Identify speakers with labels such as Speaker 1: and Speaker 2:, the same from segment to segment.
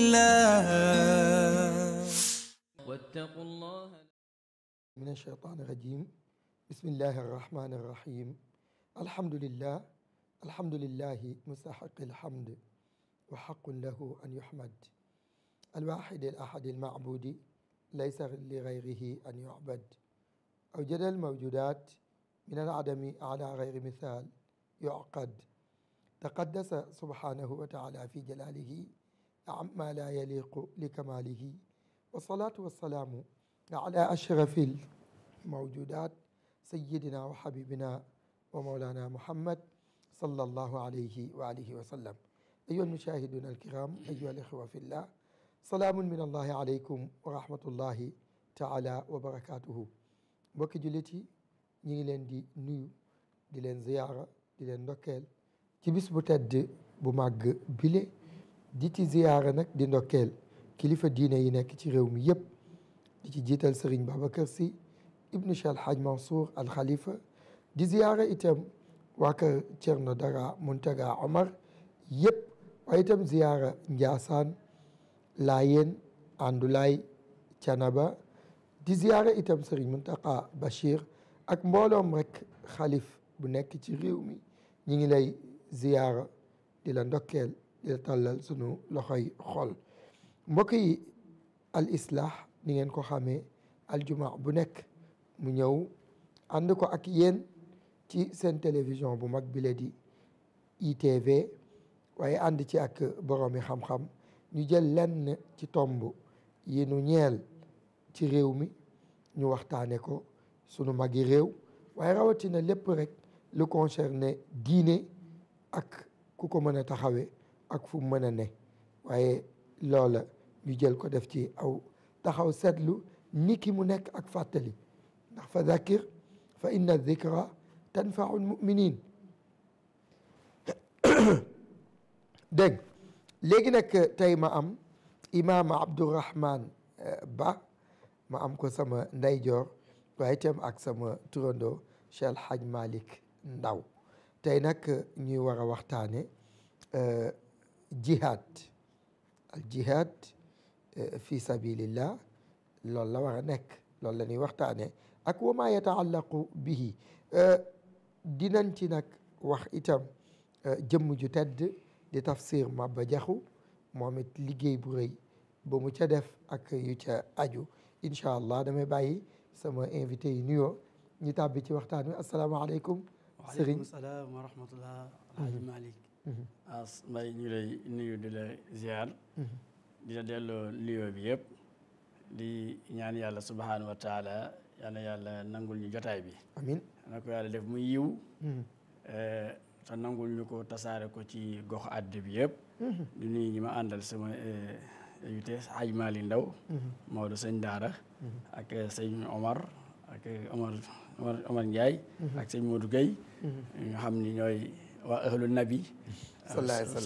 Speaker 1: الله واتقوا الله من الشيطان الرجيم بسم الله الرحمن الرحيم الحمد لله الحمد لله مستحق الحمد وحق له أن يحمد الواحد الأحد المعبود ليس لغيره أن يعبد أوجد الموجودات من العدم على غير مثال يعقد تقدس سبحانه وتعالى في جلاله عما نعم، لا يليق لكماله والصلاة والسلام على أشرف الموجودات سيدنا وحبيبنا ومولانا محمد صلى الله عليه وآله وسلم أيها المشاهدون الكرام أيها الإخوة في الله سلام من الله عليكم ورحمة الله تعالى وبركاته mbokki jullit yi ñu دي leen di nuyu di leen ziyaara di leen ndokkeel ci bis bu tedd di ziyaara nag di ndokkeel kilifa diine yi nekk ci réew mi yëpp di ci jiital Serigne Babacar Sy ibnu Cheikh Al Hadj Mansour Al Khalifa di ziyaara itam waa kër Thierno Muntaga Omar yëpp waaye itam ziyaara Ndiassane layén Andoulaye Canaba di ziyaara itam Serigne Muntaqa Bachir ak mbooloom rek xalif bu nekk ci réew mi ñu ziyaara di la ndokkeel dina tàllal sunu loxoy xol mbokk yi al islah ni ngeen ko xamee aljuma bu nekk mu ñëw ànd ko ak yéen ci seen télévision bu mag bile di ITV waaye ànd ci ak boroomi xam-xam ñu jël lenn ci tomb yi nu ñeel ci réew mi ñu waxtaane ko sunu magi réew waaye rawatina lépp rek lu concerné diine ak ku ko mën a taxawee ak fu mën a ne waaye loola ñu jël ko def ci aw taxaw seetlu ni ki mu nekk ak fàttali ndax fa zakir fa inna zikra tanfaul muminin dégg léegi nag tey ma am imaam abdourahman ba ma am ko sama ndeyjoor waaye itam ak sama turandoo cheikh alhaj malik ndaw tey nag ñuy war a waxtaane جهاد الجهاد آه، في سبيل الله لولا ورنك لولا ني وقتاني اكو ما يتعلق به آه، دينانتي نك واخ ايتام جيم آه، جو تاد دي تفسير ما بجاخو موميت ليغي بو ري بومو تيا ديف اك يو اديو ان شاء الله دامي باي سما انفيتي نيو ني تابي تي وقتاني السلام عليكم وعليكم
Speaker 2: السلام ورحمه الله عليكم Mm-hmm. as mbay ñu lay nuyu di la ziar. Mm-hmm. di la delloo liyo bi yëpp. di ñaan yàlla subhaanahu wa taala yal yàlla nangul ñu jotaay bi. amiin na ko yàlla def muy yiw. Mm-hmm. Eh, te nangul ñu ko tasaare ko ci gox àdd bi yëpp. di nuyu ñi ma àndal sama eh, invité Hadj Mali Ndaw. Maodo sëñ Daara. ak eh, sëñ Omar. ak Omar Omar Omar ak sëñ Modou Gueye. ñu xam ni ñooy. waa ahlul nabi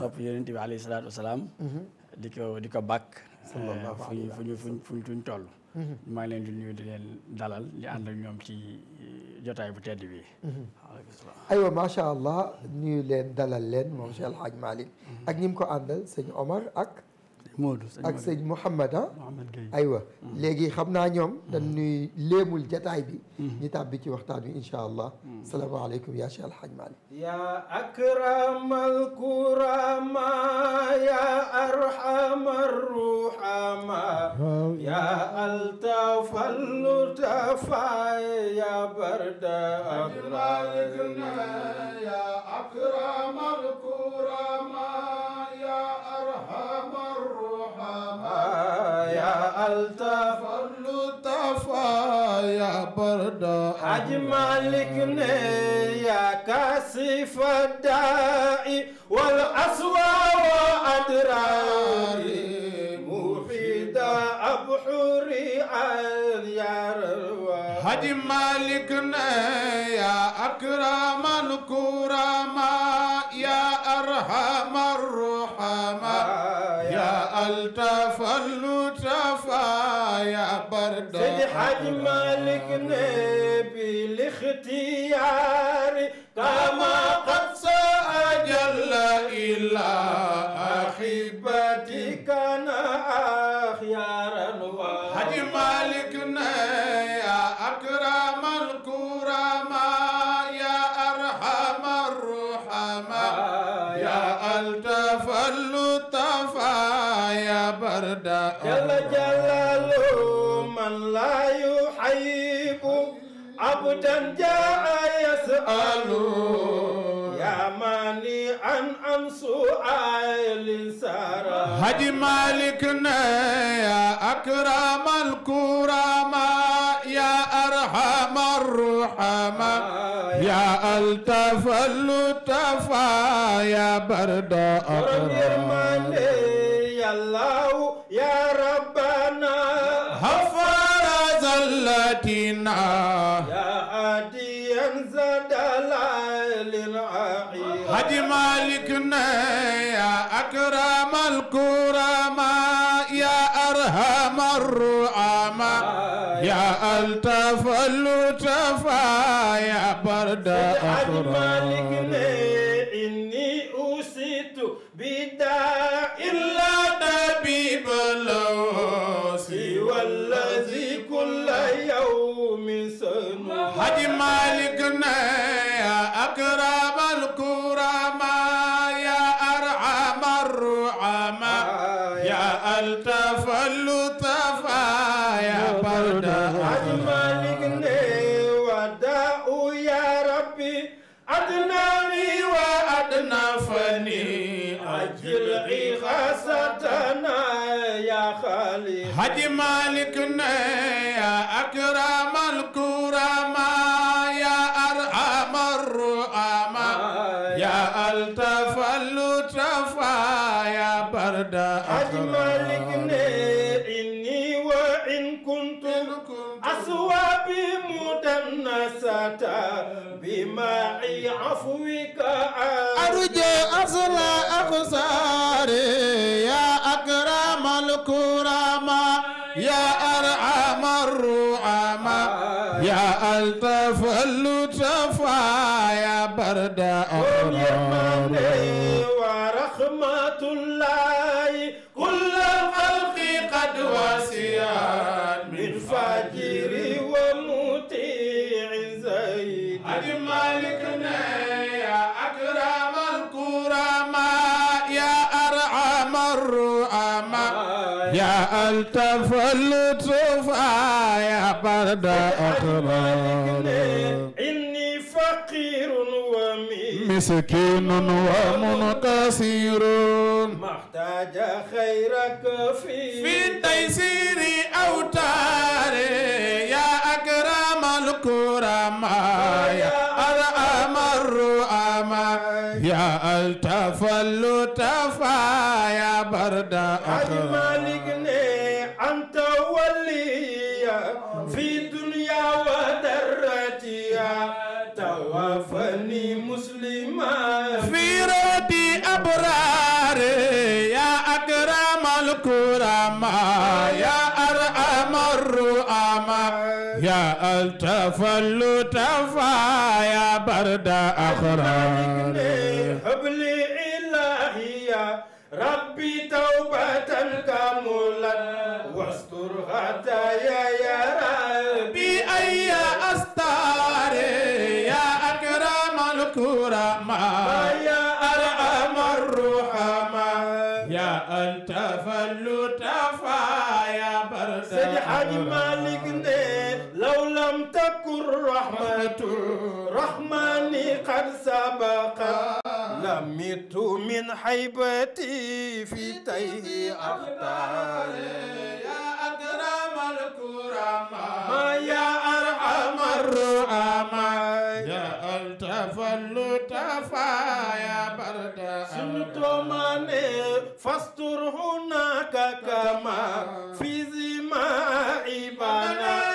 Speaker 2: sopp yonent bi alayhi salaatu wasalaam mhm. di ko di ko bak fuñu fuñu fuñ fuñ fuñ toll mhm. maa ngi leen di nuyu di leen dalal di ànd ñoom ci eh, jotaay bu tedd bi mhm. aywa
Speaker 1: macha allah nuyu leen dalal leen moom Cheikh El Hadj ak ñi mu ko àndal sëñ Omar ak مودوس محمد أيوة لقي خبنا يوم لأنه ليه مل جتاي بي نتابع كي وقتها إن شاء الله السلام عليكم يا شيخ الحاج مالي
Speaker 3: يا أكرم الكرماء يا أرحم الرحماء يا ألطف اللطفاء يا برد أغلى يا أكرم الكرماء يا ألطف اللطف يا برد حج مالك يا كاسف الداء والأسوى وأدراري مفيد أبحري عن يا حج مالك يا أكرم الكرماء يا أرحم الرحماء التف اللطفا يا برد سيدي حاج مالك نبي الاختيار كما قد سأجل إله موتا جاء يسأل يا ماني سارة هدي مالكنا يا أكرم الكرماء يا أرحم الرحماء يا ألتف اللطفاء يا برد أكرم يا الله يا ربنا هفر زلتنا يا يا أكرم الكرما يا أرحم الرحما يا ألطف اللطفا يا برد أكرم يا ألطف اللطفا يا برد أجمالك وداء يا ربي أدناني وأدنفني أجل خاصتنا يا خالق حج مالكنا يا أكرم الكون بماعي عفوك أرجو أصل أخساري يا أكرم الكرامة يا أرحم الرحمة يا ألطف التف اللطفا يا برد أخبار إني فقير ومسكين مسكين ومنقصير محتاج خيرك في في تيسير أوتار يا أكرم الكرماء يا أرحم الرؤماء يا التفلت توفني مسلما في ردي أبرار يا أكرم الكرماء يا أرحم الرؤماء يا ألتف اللطفاء يا برد أخرام حبل إلهي يا ربي توبة كاملة ميت من حيبتي في تيه أختار يا أكرم الكرماء يا أرحم الرحماء يا ألتف اللطفاء يا برد سلطماني فاستر هناك كما في زماء بنا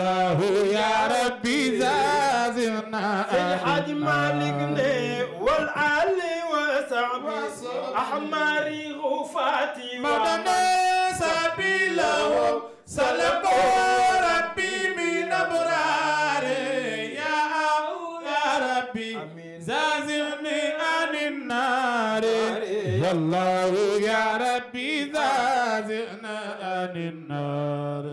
Speaker 3: الله يا ربي زازنا الحاج مالك ني والعلي وسعبي أحماري غفاتي مدنا سبيلهم سلموا ربي من أبرار يا يا ربي زازني عن النار يا الله يا ربي زازنا عن النار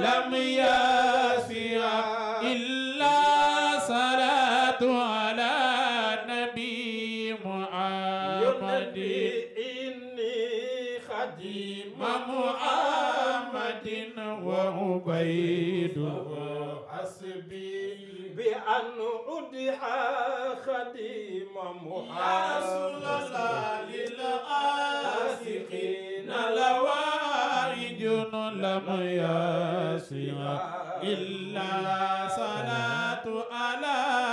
Speaker 3: لم يسيا إلا صلاة على نبي محمد إني خديم محمد وعبيد حسبي بأن أدعى خديم محمد ميسرا إلا صلاة على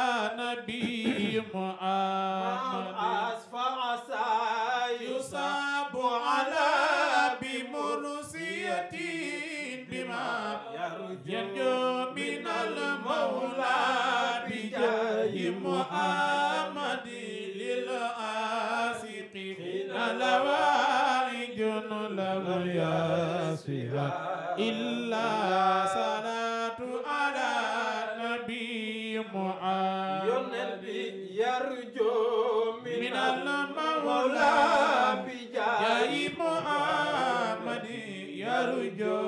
Speaker 3: سوى إلا صلاة على نبي معاذ ينبي يرجو من المولى بجاه
Speaker 4: محمد
Speaker 3: يرجو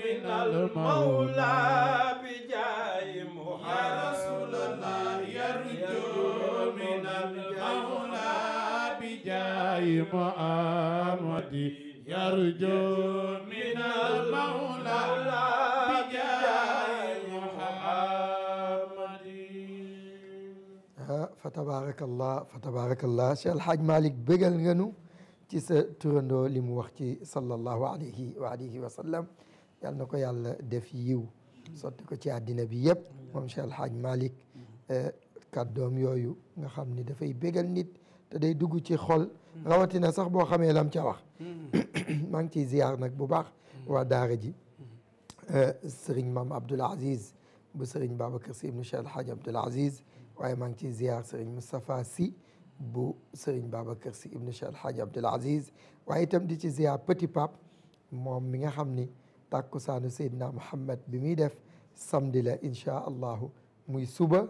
Speaker 3: من المولى بجاه محمد يا رسول الله يرجو من المولى بجاه محمد يرجو من المولى بجاه محمد
Speaker 1: فتبارك الله فتبارك الله Cheikh El Hadj Malick bégal nga nu ci sa turandoo li mu wax ci sallallahu alayhi wa alihi wa sallam yal na ko yàlla def yiw sotti ko ci àddina bi yëpp moom Cheikh El Hadj Malick kàddoom yooyu nga xam ni dafay bégal nit te day dugg ci xol rawati na sax bo xamé lam ci wax maa ngi ciy ziyaar nag bu baax wa daara ji euh serigne mam Abdoul Aziz bu sëriñ Babacar Sy ibnu al Alhaji Abdoul Aziz way maa ngi ciy ziyaar sëriñ Moustapha Sy bu sëriñ Babacar Sy ibnu al Alhaji Abdoul Aziz way tam di ci ziar Petit Pape mom mi nga xamni takusanu tàkkusaanu Seydina bi mi def samedi la insha allah muy suba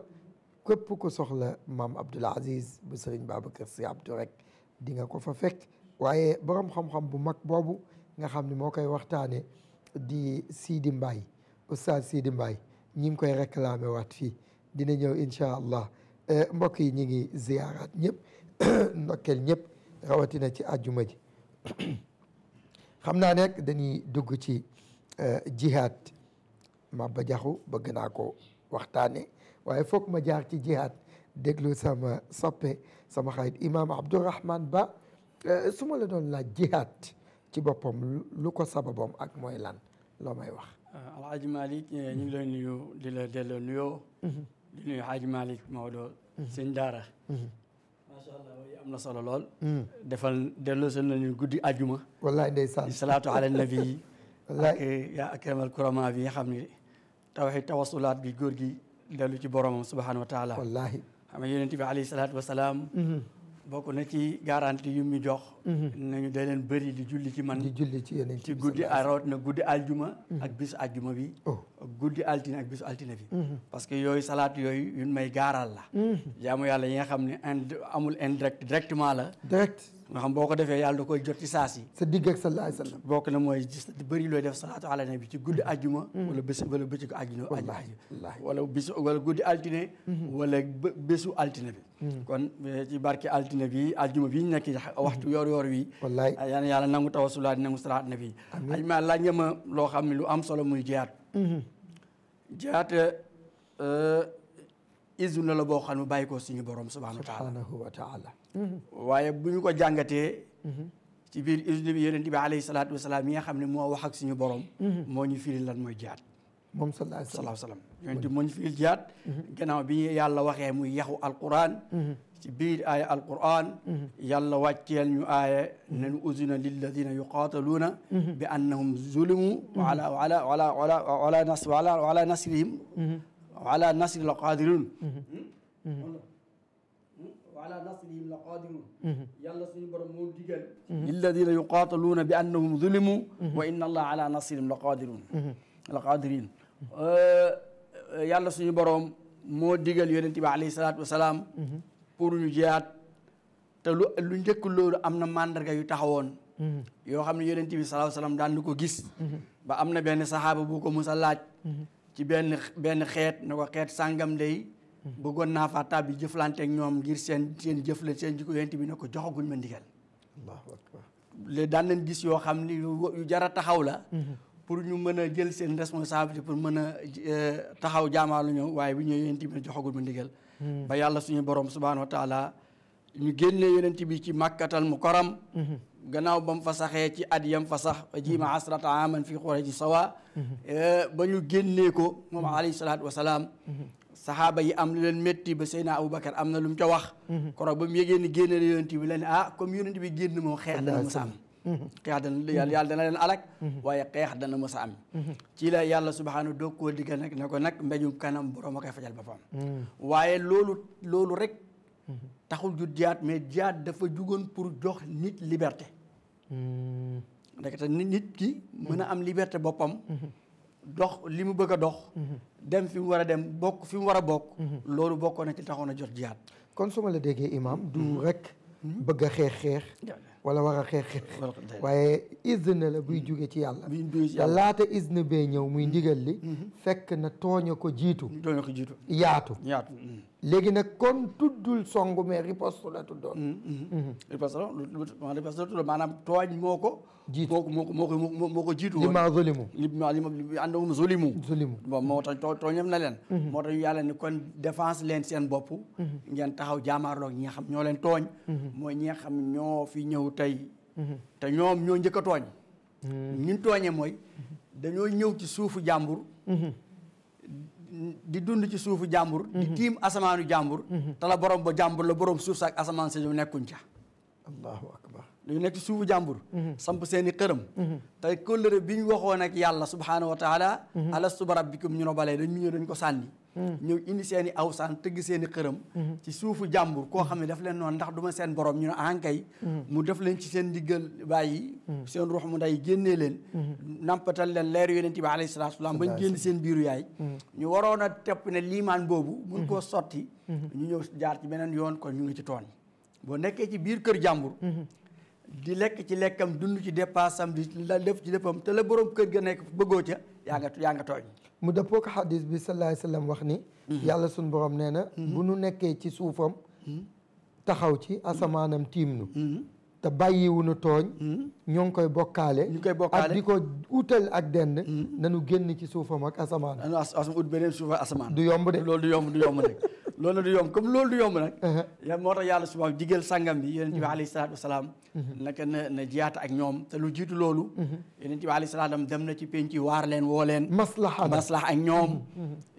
Speaker 1: كيف ku soxla maam Abdoul Aziz bu sëriñ Babacar Sy Abdou dinga ko fa fekk waaye borom xam-xam bu mag boobu nga xam ni moo koy waxtaane di Sidi Mbaye oustaz Sidi Mbaye ñi ngi koy réclamé waat fii dina ñëw incha allah eh, mbokk yi ñi ngi ziyaaraat ñëpp ndokkeel ñëpp rawatina ci àjjuma ji xam naa nekk dañuy dugg ci eh, jihaad Maba Jaxu bëgg naa ko waxtaane waaye foog ma jaar ci jihaad déglu sama soppe sama xarit imam abdurrahman Ba su ma la doon laaj jihaat ci boppam lu ko sababam ak mooy lan loo may wax.
Speaker 2: Alhaji Malick ñu ngi lay nuyu di la delloo nuyoo. di nuyu Alhaji Malick Maodo. sëñ Daara. macha allah waaye am na solo lool. defal delloo seen nañu guddi àjjuma. wallaay ndeysaan di salaatu ala nabi. wallaay ak yaa akramal kurama bi nga xam ne tawxi tawasulaat bi góor gi xam nga yonent bi alayhi salaatu wasalaam mhm. bokk na ci garanti yu mu jox mhm. nañu da leen bëri di julli ci man di ci yeneen ci guddi rawat na guddi aljuma mhm. ak bisu aljuma bi ak oh. guddi altine ak bisu altine bi parce que yooyu salaat yooyu yuñ may gaaral la jaamu yàlla yi nga xam ne ind amul indirect directement la nga xam boo ko defee yàlla da koy jot ci saas yi sa digg ak na mooy gis bëri looy def salaatu ala bi ci guddi ajjuma mm-hmm. wala bés wala bëccëgu ajjuma wala bis wala guddi altine mm-hmm. wala bésu bi mm-hmm. kon eh, ci barke altine bi ajjuma bi ñu nekk waxtu yoor yoor wi wallaay ah, yal na yàlla nangu tawasulaat nangu salaat nabi aj ma laaj nga ma loo xam ne lu am solo muy jiyaat jiyaat eh, eh, izun la la boo xam ne bàyyi koo suñu borom subhanahu wa taala waye buñu ko jangate ci bir usne bi yonent bi alayhi salatu wassalam ya xamne mo wax ak suñu borom mo ñu firi lan moy jaat
Speaker 1: mom sallallahu alayhi wa
Speaker 2: sallam yonent mo ñu firi jaat gannaaw bi yàlla waxe muy yahu alquran ci bir aya alquran yàlla waccel ñu aya nan uzina lil ladina yuqataluna bi annahum zulimu ala ala ala ala wala nas ala ala nasrihim ala nasri la qadirun ala nasrihim la qadirun yàlla suñu borom moo digal lilladina yuqaataluuna bi annahum zulimu wa inna allah ala nasrihim la qadirun la qadirin yàlla suñu borom moo digal yonente bi alayhi salaatu wasalaam pour te lu lu njëkk loolu am na mandarga yu taxawoon yoo xam ne yonent bi salaahu salaam ko gis am na benn saxaaba bu ko musa laaj ci benn benn xeet na ko xeet sàngam day bëggoon naa faa tab bi jëflante ak ñoom ngir seen seen seen jikko yonent bi ne joxaguñ ma ndigal
Speaker 1: allahu akbar
Speaker 2: léegi daan nañ gis yoo xam ni yu jar taxaw la mhm. pour ñu mën a jël seen responsabilité pour mën a euh, taxaw jaamaalu ñëw waaye bu ñëwee yonent bi ne joxagul ma ndigal mhm. ba yàlla suñu borom subhanahu wa ñu génnee yonent bi ci màkkatal mu koram mhm. gannaaw ba mu fa saxee ci at yam fa sax jiima asrata aman fi xurayji sawa euh, ba ñu génnee ko moom alayhi salaatu wasalaam saxaaba yi am lu leen métti ba Seydina Aboubacar am na lu mu ca wax mhm. koroog ba mu yégée ni génne la yonent bi la ne ah comme yonent bi génn moom xeex dana mos a am mhm. xeex dana yàlla dana mhm. a am ci la yàlla subhaanahu doog koo digga nag ne ko nag mbéjum kanam borom a koy fajal boppam mm. waaye loolu loolu rek taxul ju jiyaat mais jiyaat dafa jugoon pour jox nit liberté mm. ndekete nit ki mën a am liberté boppam dox li mu bëgg a dox. Mhm. dem fi mu war a dem bokk fi mu war a bokk. Mhm. loolu bokkoon na ci taxoon a jot jihaad.
Speaker 1: kon su ma la déggee imaam du mhm. rek. bëgg a xeex xeex. wala war a xeex waaye izna la buy jóge ci yàlla. te laata izna bee ñëw muy ndigal li. fekk na tooñ ko jiitu. tooñ ko yaatu. yaatu. léegi nag kon tuddul songu mais riposte la tuddoon. Mm, mm,
Speaker 5: mm. Mm-hmm.
Speaker 1: riposte la riposte la tuddoon maanaam tooñ
Speaker 2: moo ko. jiitu moo ko moo ko moo ko jiitu. li ma zolimu li ma li ma àndawum zolimu. zolimu bon moo tax tooñam na leen. Mm-hmm. moo tax yàlla ni kon défense leen seen bopp.
Speaker 5: Mm-hmm.
Speaker 2: ngeen taxaw jaamaarloog ñi nga xam ñoo leen tooñ. mooy ñi nga xam ñoo fi ñëw tey. te ñoom ñoo njëkk a tooñ. ñun tooñee mooy dañoo ñëw ci suufu jàmbur. di dund ci suufu jàmbur. di mhm. tiim asamaanu jàmbur. Mhm. te la borom ba jàmbur la borom suuf saak asamaan si ñu nekkuñ ca.
Speaker 1: allahu akbar
Speaker 2: dañu nekk ci suufu jàmbur. Mhm. samp seen i xërëm. te kóllëre bi ñu waxoon ak yàlla subhaanahu wa taala. alastu bi rabbikum ñu no balee dañ mu ñëw dañ ko sànni. ñëw indi seen i awsaan tëgg seen i xërëm ci suufu jàmbur koo xam ne daf leen noonu ndax du seen borom ñu ne ankay ah mu def leen ci seen diggal bàyyi seen ruux mu nday génnee leen nampatal leen leer yonent bi alayhi salaatu salaam bañ génn seen biiru yaay ñu waroon a tepp ne liimaan boobu mun koo sotti ñu ñëw jaar ci beneen yoon kon ñu ngi ci toon boo nekkee ci biir kër jàmbur di lekk ci lekkam dund ci dépassam di la def ci defam te la borom ga nekk bëggoo ca yaa nga
Speaker 1: mu dëppoo ko xadis bi sallallahu alayhi wasallam wax ni mhm. yàlla suñ borom nee na mhm. bu nu nekkee ci suufam mhm. taxaw ci asamaanam tiim nu te bàyyiwunu tooñ ñoo ngi koy bokkaale ñu koy bokkaale ak di ko utal ak dend nanu génn ci suufam ak asamaan
Speaker 2: ut beneen suufa asamaan du yomb de loolu du yomb du yomb nag loolu du yomb comme loolu du yomb nag ya moo tax yàlla subhaanahu digal sangam bi yonent bi alayhi salaatu wasalaam naka na na jiyaata ak ñoom te lu jiitu loolu yonent bi alayhi salaam dem na ci penc yi waar leen woo leen maslaha maslaha ak ñoom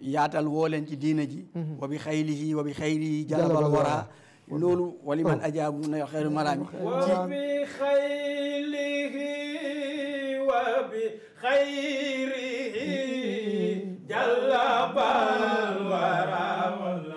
Speaker 2: yaatal woo leen ci diina ji wa bi xaylihi wa bi xaylihi jalabal wara loolu wali man ajaabu na xeyru maraami wa
Speaker 3: bi xaylihi wa bi xayrihi جل بالورى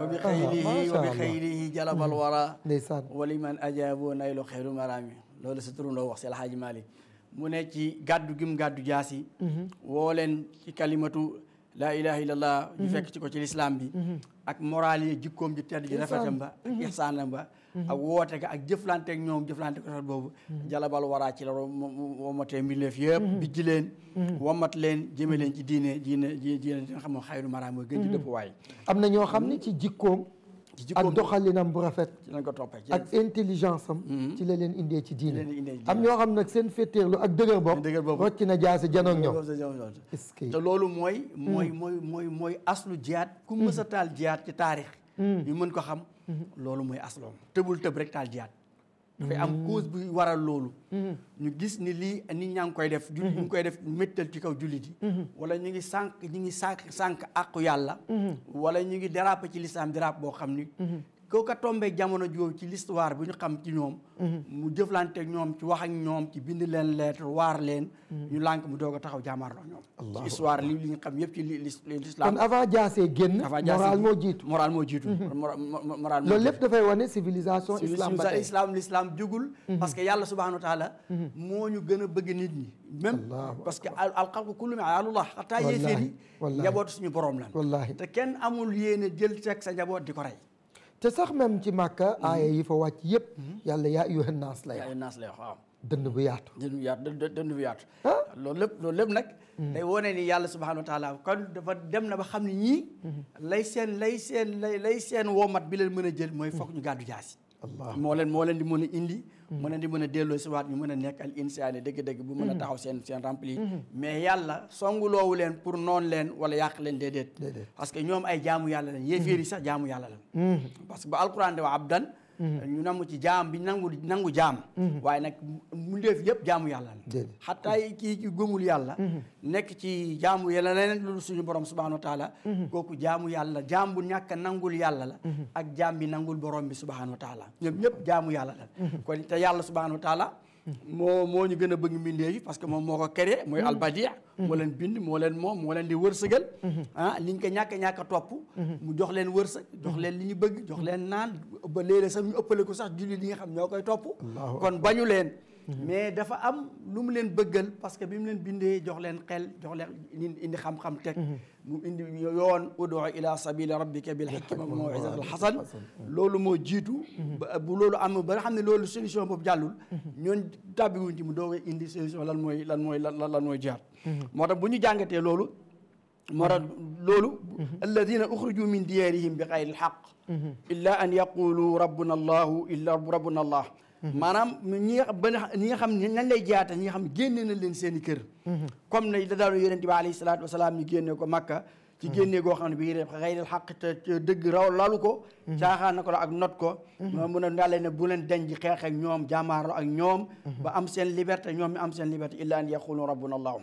Speaker 2: wa bi xaylihi wa bi xaylihi jalabal wara ndeysaan wali man ajaaboo naylu xeyru maraami loolu sa turundoo wax si mu ne ci gàddu gim gàddu jaasi mhm. woo ci kalimatu laa ilaha illallah ñu mhm. fekk ci ko ci lislaam bi mhm. ak moral jikkoom ji tedd ji rafetam ba ak ihsaanam ba Mm-hmm. ak woote ga ak jëflante ak ñoom jëflante ko rafet boobu mm-hmm. jalabal waraa ci la womatee mbindeef yëpp mm-hmm. bijji leen womat leen jëme leen ci diine diine diine di nga mooy gën ci dëppuwaay am na
Speaker 1: ñoo xam ne ci jikkoom ak doxalinam bu rafet
Speaker 2: ko toppee ak
Speaker 1: intelligence am ci la leen indee ci diine am ñoo xam nag seen féeteerlu ak dëgër bopp rocc na jaase janoog ñoom est-ce
Speaker 2: que te loolu mooy mm. mooy mooy mooy mooy aslu jihaad ku mm. mës a taal jihaad ci taarix mm. ñu mën ko xam loolu mooy asloom tëbul tëb rek taal jiyaat am mm. cause bi waral loolu ñu gis ni lii ni ñaa ngi koy def. ñu ngi koy def méttal ci kaw jullit yi. wala ñu ngi sànq ñu ngi sànq sànq àqu yàlla. wala ñu ngi dérapé ci lislaam dérapé boo xam ni. kooka tombé jamono jooju ci l'histoire bu ñu ci ñoom. mu jëflante ak ñoom ci wax ak ñoom ci bind leen lettre waar leen. ñu lànk mu doog a taxaw jàmmaarloo ñoom. ci histoire li li li l'islam. kon avant
Speaker 1: jaasee génn. avant jaasee moral moo jiitu moral
Speaker 2: moo jiitu. Mhm. moral moo jiitu loolu lépp
Speaker 1: dafay wane civilisation. islam
Speaker 2: ba jugul. Mhm. parce yàlla subhaanahu wa taala moo ñu gën a bëgg nit ñi même parce que alxalqu kullu min alullah xataa yéeféer yi njaboot suñu borom lan wallaahi te kenn amul yéene jël teg sa njaboot di ko rey
Speaker 1: te sax même ci màkka aaya yi fa wàcc yëpp yàlla yaa ayyuhan naas la yaa ayyuhan naas la waaw dënd bu yaatu
Speaker 2: dënd bu yaatu dënd bu yaatu ah? loolu lépp loolu lépp nag day wone ni yàlla subhanahu wa taala kon dafa dem na ba xam ne ñii mhm. lay seen lay seen lay lay seen womat bi leen mën a jël mooy mhm. foog ñu gàddu jaasi moo leen moo leen di mën a indi moo leen di mën a delloo si waat ñu mën a nekk al insaani dëgg-dëgg bu mën a mm-hmm. taxaw seen seen mm-hmm. mais yàlla songuloowu leen pour noonu leen wala yàq leen déedéet parce ñoom ay jaamu yàlla lañ yéeféer yi sax jaamu yàlla lañ mm-hmm. parce ba alquran de wa abdan Mm-hmm. ñu nangu ci jaam bi nangu nangu jaam mm-hmm. waaye nag mu ndeef yëpp jaamu yàlla la xataa kii gëmul yàlla mm-hmm. nekk ci jaamu yàlla leneen loolu suñu borom subhanahu wa taala kooku jaamu yàlla jaam bu ñàkk nangul yàlla la ak jaam bi nangul borom bi subhanahu wa taala ñoom jaamu yàlla la kon te yàlla subhanahu wa moo moo ñu gën a bëgg mbindeef yi parce que moom moo ko créé mooy mm-hmm. albadia mm-hmm. moo leen bind moo leen moom moo leen di wërsëgal liñ mm-hmm. ah, ko ñàkk ñàkk a topp mu jox leen wërsëg jox leen li ñu bëgg jox leen naan ba léeg-léeg sax ñu ëppale ko sax jullit yi nga xam ñoo koy topp kon bañu leen mais dafa am lu mu leen bëggal parce que bi leen bindee jox leen xel jox leen indi xam-xam teg mu indi yoon udoo ila sabili rabbika bil hikma wal mawizati al hasan loolu moo jiitu bu loolu am ba nga xam ne solution boobu jàllul ñoon tàbbiwuñ ci mu doogee indi solution lan mooy lan mooy lan lan mooy jihaad moo tax bu ñu jàngatee loolu moo tax loolu alladina uxriju min diyaarihim bi xayri alxaq illa an yaqulu rabbuna maanaam ñi nga ba ñi nga xam nañ lay jaata ñi nga xam génne na leen seen i kër comme ne da daal yonent bi alayhi salaatu wasalaam ñu génne ko Makka ci génne goo xam ne bi xëyral xaq na ko la ak not ko mu ne daal ne bu leen denc xeex ak ñoom jàmmaarlo ak ñoom ba am seen liberté ñoom mi am seen liberté illa an yaqulu rabbuna allah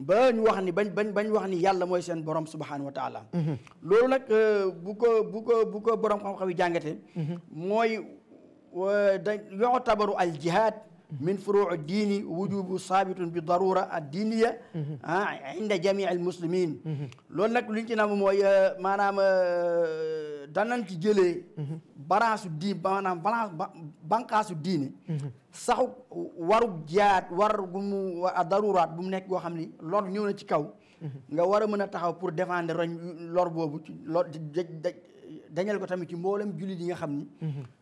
Speaker 2: ba ñu wax ni bañ bañ bañ wax ni yàlla mooy seen borom subhanahu wa taala mm-hmm. loolu nag euh, bu ko bu ko bu ko borom xam-xam yi jàngate mm-hmm. mooy da yu'tabaru al jihad min furuu diini wujubu saabitun bi darura ad diiniya ah inda jamii al muslimin loolu nag liñ ci nam mooy maanaam danañ ci jëlee balance diin maanaam balance banqaasu diine saxu warug jihaad war gu mu daruraat bu mu nekk goo xam ni lor ñëw na ci kaw nga war a mën a taxaw pour défendre roñ lor boobu ci lor dañal ko tamit ci mboolem jullit yi nga xam ni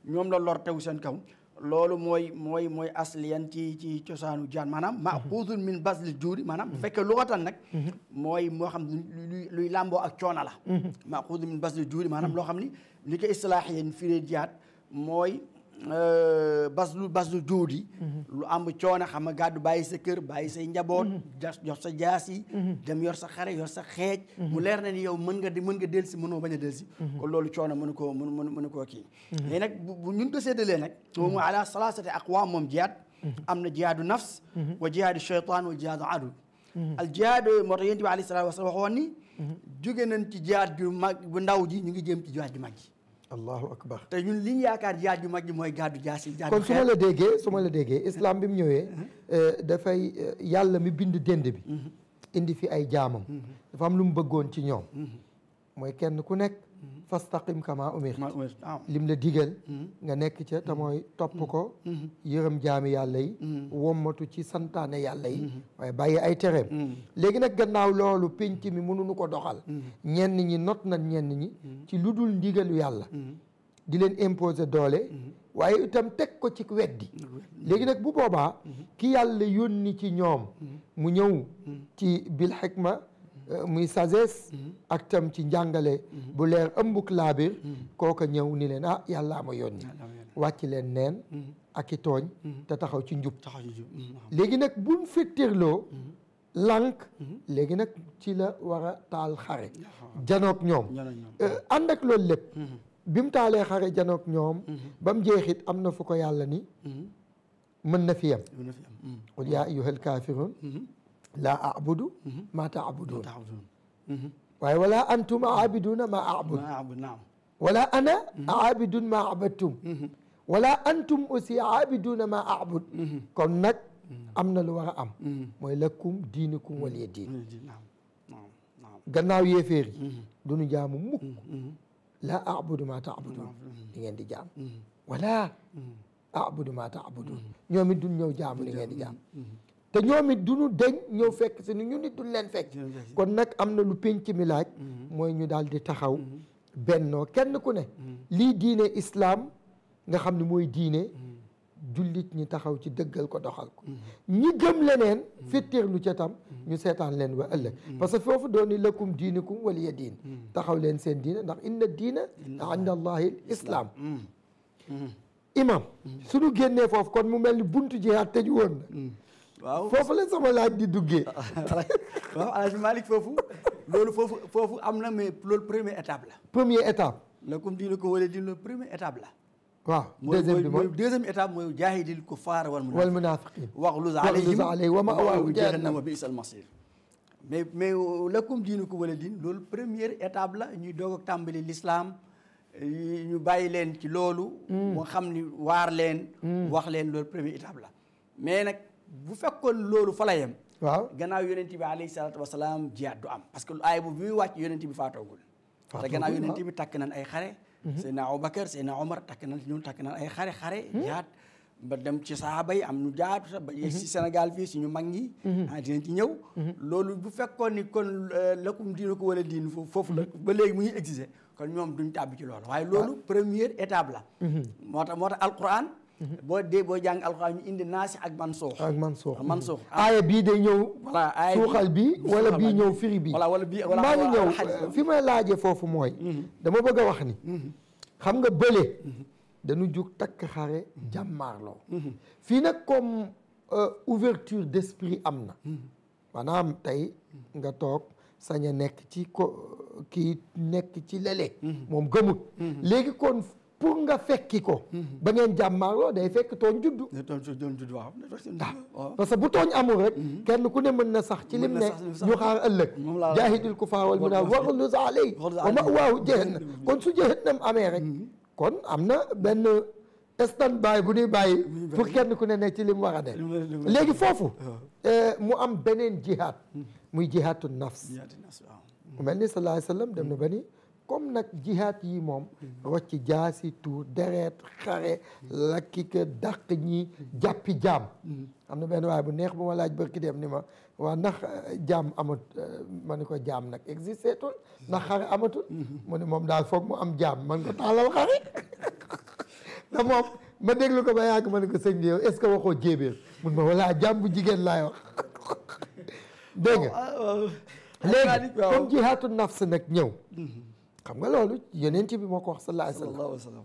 Speaker 2: ñoom la lor tew seen kaw loolu mooy mooy mooy asliyan ci ci cosaanu jaan maanaam maxuusun min basli juuri maanaam bu fekkee luxatan nag mooy moo xam luy luy làmboo ak coona la maxuusun min basli juuri maanaam loo xam ni li ko islaax yéen firee jiyaat mooy Euh, baslu lu jóodi mhm. lu am coono xam nga gàddu bàyyi sa kër bàyyi say njaboot mhm. jox sa jaas yi mhm. dem yor sa xare yor sa xeej mu leer na ni yow mën nga di mën nga del si mënoo bañ a del si kon loolu coono mënu koo mënu mënu koo kii léegi nag bu ñun ko séddalee nag moom ala salaasati aqwaam moom jihaad am na jihaadu nafs wa jihaadu shaytaan wa jihaadu adul al jihaad moo tax wa salaam waxoon ni jóge nañ ci jihaad ju mag bu ndaw ji ñu ngi jëm ci jihaad ju mag ji allahu akbar te ñun li ñu yaakaar jaaju mag ji mooy gàddu jaasi jaaju kon su ma la
Speaker 1: déggee su ma la déggee islam bi mu ñëwee uh-huh. eh, dafay eh, yàlla mi bind dend bi uh-huh. indi fi ay jaamam uh-huh. dafa am lu mu bëggoon ci ñoom mooy kenn ku nekk fastaqim kama umirte lim la digal hmm. nga nekk ca tamooy mooy hmm. topp hmm. ko yërëm jaami yàlla yi wommatu ci santaane yàlla yi waaye bàyyi ay tereem léegi nag gannaaw loolu pénc mi mënuñu ko doxal ñenn ñi not nag ñenn ñi ci lu dul ndigalu yàlla di leen imposer doole waaye itam teg ko ci weddi léegi nag bu boobaa ki yàlla yónni ci ñoom mu ñëw ci bil xikma Euh, muy sagesse ak tam ci njàngale bu leer ëmbuk laabir kooka ñëw ni leen ah yàllaa ma yónni wàcc leen neen mm-hmm. ak i tooñ mm-hmm. te taxaw ci njub mm-hmm. léegi nag buñ fettirloo lànk léegi nag ci la war a taal xare janoog ñoom euh, ànd ak loolu lépp bi mu taalee xare janoog ñoom ba mu jeexit am na fu ko yàlla ni mën na fi yem yaa ayyuhal kaafiruun laa abudu maa taabuduun mhm. waaye wala antum aabiduuna maa abud wala ana mhm. aabidun maa abadtum mhm. wala antum aussi aabiduuna maa abud kon nag am na lu war a am mooy lakum diinukum waliya diin gannaaw yéeféer yi du ñu jaamu mukk laa abudu maa taabuduun li ngeen di jaam wala abudu maa taabuduun ñoom it duñ ñëw jaamu li ngeen te ñoomi duñu deñ ñëw fekk ci ñu nit duñ leen fekk kon nak amna na lu penc mi laaj moy ñu daldi taxaw benno kenn ku ne li diine islam nga xamni moy diine jullit ñi taxaw ci dëggal ko doxal ko ñi gëm leneen fittir lu ci tam ñu seetaan leen wa ëllëg parce que foofu dooni lakum diinukum waliya diin taxaw leen seen diine ndax inna diina inda allahi islam imam suñu genné fofu kon mu melni buntu jihad tëj won waaw foofu la sama laaj di duggee.
Speaker 2: waaw Alaaji Malick foofu loolu foofu foofu am na mais loolu première étape la. première étape. la comme dina ko wala dina loolu première étape la.
Speaker 1: waaw deuxième bi mooy
Speaker 2: deuxième étape mooy jaahidil kuffaar wal munaafiqiin wal
Speaker 1: munaafiqiin waghluz alayhim wa ma'waahum jahannama
Speaker 2: bi'sal masiir mais mais lakum diinukum wala diin loolu première étape la ñuy doog a tàmbali l'islam ñu bàyyi leen ci loolu. moo xam ni waar leen. wax leen loolu première étape la mais nag. bu fekkoon loolu fa la yem. waaw gannaaw yonent bi alayhi salaatu wa salaam jiyaat am parce que aaya bu bi muy wàcc yonent takk nañ ay xare. Mhm. Seydina Abubakar Seydina Omar takk nañ takk nañ ay xare xare. Mhm. jiyaat ba dem ci saaba yi am ñu jaatu ba yegg si mhm. Sénégal fii suñu mag ñi. ah dinañ bu fekkoon ni kon euh, lakum diinu ko wala diin foofu la ba léegi mu ngi kon ñoom duñ tàbbi ci loolu. waaye loolu ah. première étape la. moo tax moo tax Alquran. Mhm. boo dee boo jàng alxuraan ñu indi naasi ak mansuux ak
Speaker 1: mansuux ah, mansuux mhm. aaya bii day ñëw
Speaker 2: voilà suuxal bi wala bii ñëw firi bi voilà wala bii maa ngi ñëw
Speaker 1: fi may laajee foofu mooy mhm. dama bëgg a wax ni xam nga bële dañu jug takk xare jàmmaarloo fii nag comme euh, ouverture d'esprit am na maanaam tey nga toog sañ nekk ci ko kii nekk ci lele moom gëmut léegi kon pour nga fekki ko. Mhm. ba ngeen jàmmaarloo day fekk tooñ juddu. tooñ juddu ah, waaw parce que bu tooñ amul rek. Mhm. kenn ku ne mën na sax ci lim ne ñu xaar ëllëg. jaahidil kufaar wal munaafiqiin waghluz alayhim wa ma'waahum jahannam mhm. kon su jahannam amee rek. kon am na benn stand by bu ñuy bàyyi. kenn ku ne ne ci lim war a de léegi foofu. Ah. Eh, mu am beneen jihaad. muy jihaadu nafs. mu mel ni sallallahu alayhi wa sallam dem na ba ni comme nag jihaat yi moom rocc jaasi tuur deret xare lakki ka dàq ñi jàppi jaam am na benn waaye bu neex bu ma laaj bërki dem ni ma waa ndax euh, jaam amat euh, ma ni ko jaam nag existé tul ndax xare amatul mu ni moom daal foog mu am jaam man ko taalal xare da moom ma déglu ko ba yàgg ma ne ko sëñ bi yow est ce waxoo jéebéer mun ma walaa jaam bu jigéen laay wax dégg nga léegi comme jihaatu nafs nag ñëw mhm. xam nga loolu yonent bi moo ko wax sallallahu alayhi wa sallam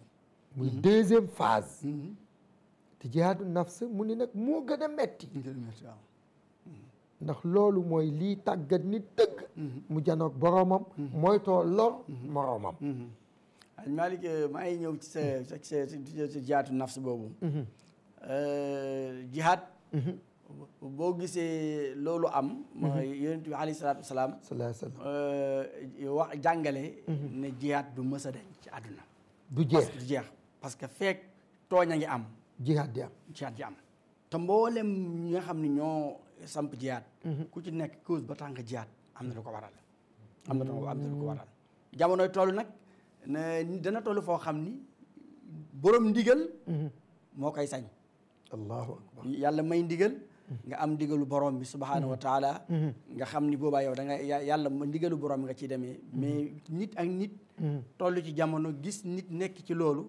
Speaker 1: muy deuxième phase mm-hmm. te jihaadu nafs mu ni nag moo gën a metti mm-hmm. ndax loolu mooy lii tàggat nit dëgg mm-hmm. mu janoog boroomam mooy too lor moroomam
Speaker 2: aj Malick maa ngi ñëw ci sa sa sa jihaadu nafs boobu euh, jihaad boo gisee loolu am mhm. yonent bi alayhi salaatu wasalaam euh, wax jàngale mhm. ne jihaat du mës a ci àdduna du jeex du jeex parce que feek tooñ a ngi am jihaat di am jihaat di am te mboolem ñi nga xam ni ñoo samp jihaat mhm. ku ci nekk cause ba tànk jihaat am na lu ko waral am na am na ko mm. waral jamonoy toll nag ne dana toll foo xam ni borom ndigal moo koy sañ yàlla may ndigal nga am ndigalu borom bi subhaanahu wa taala nga xam ni boobaa yow da nga yàlla ndigalu borom nga ciy demee mais nit ak nit toll ci jamono gis nit nekk ci loolu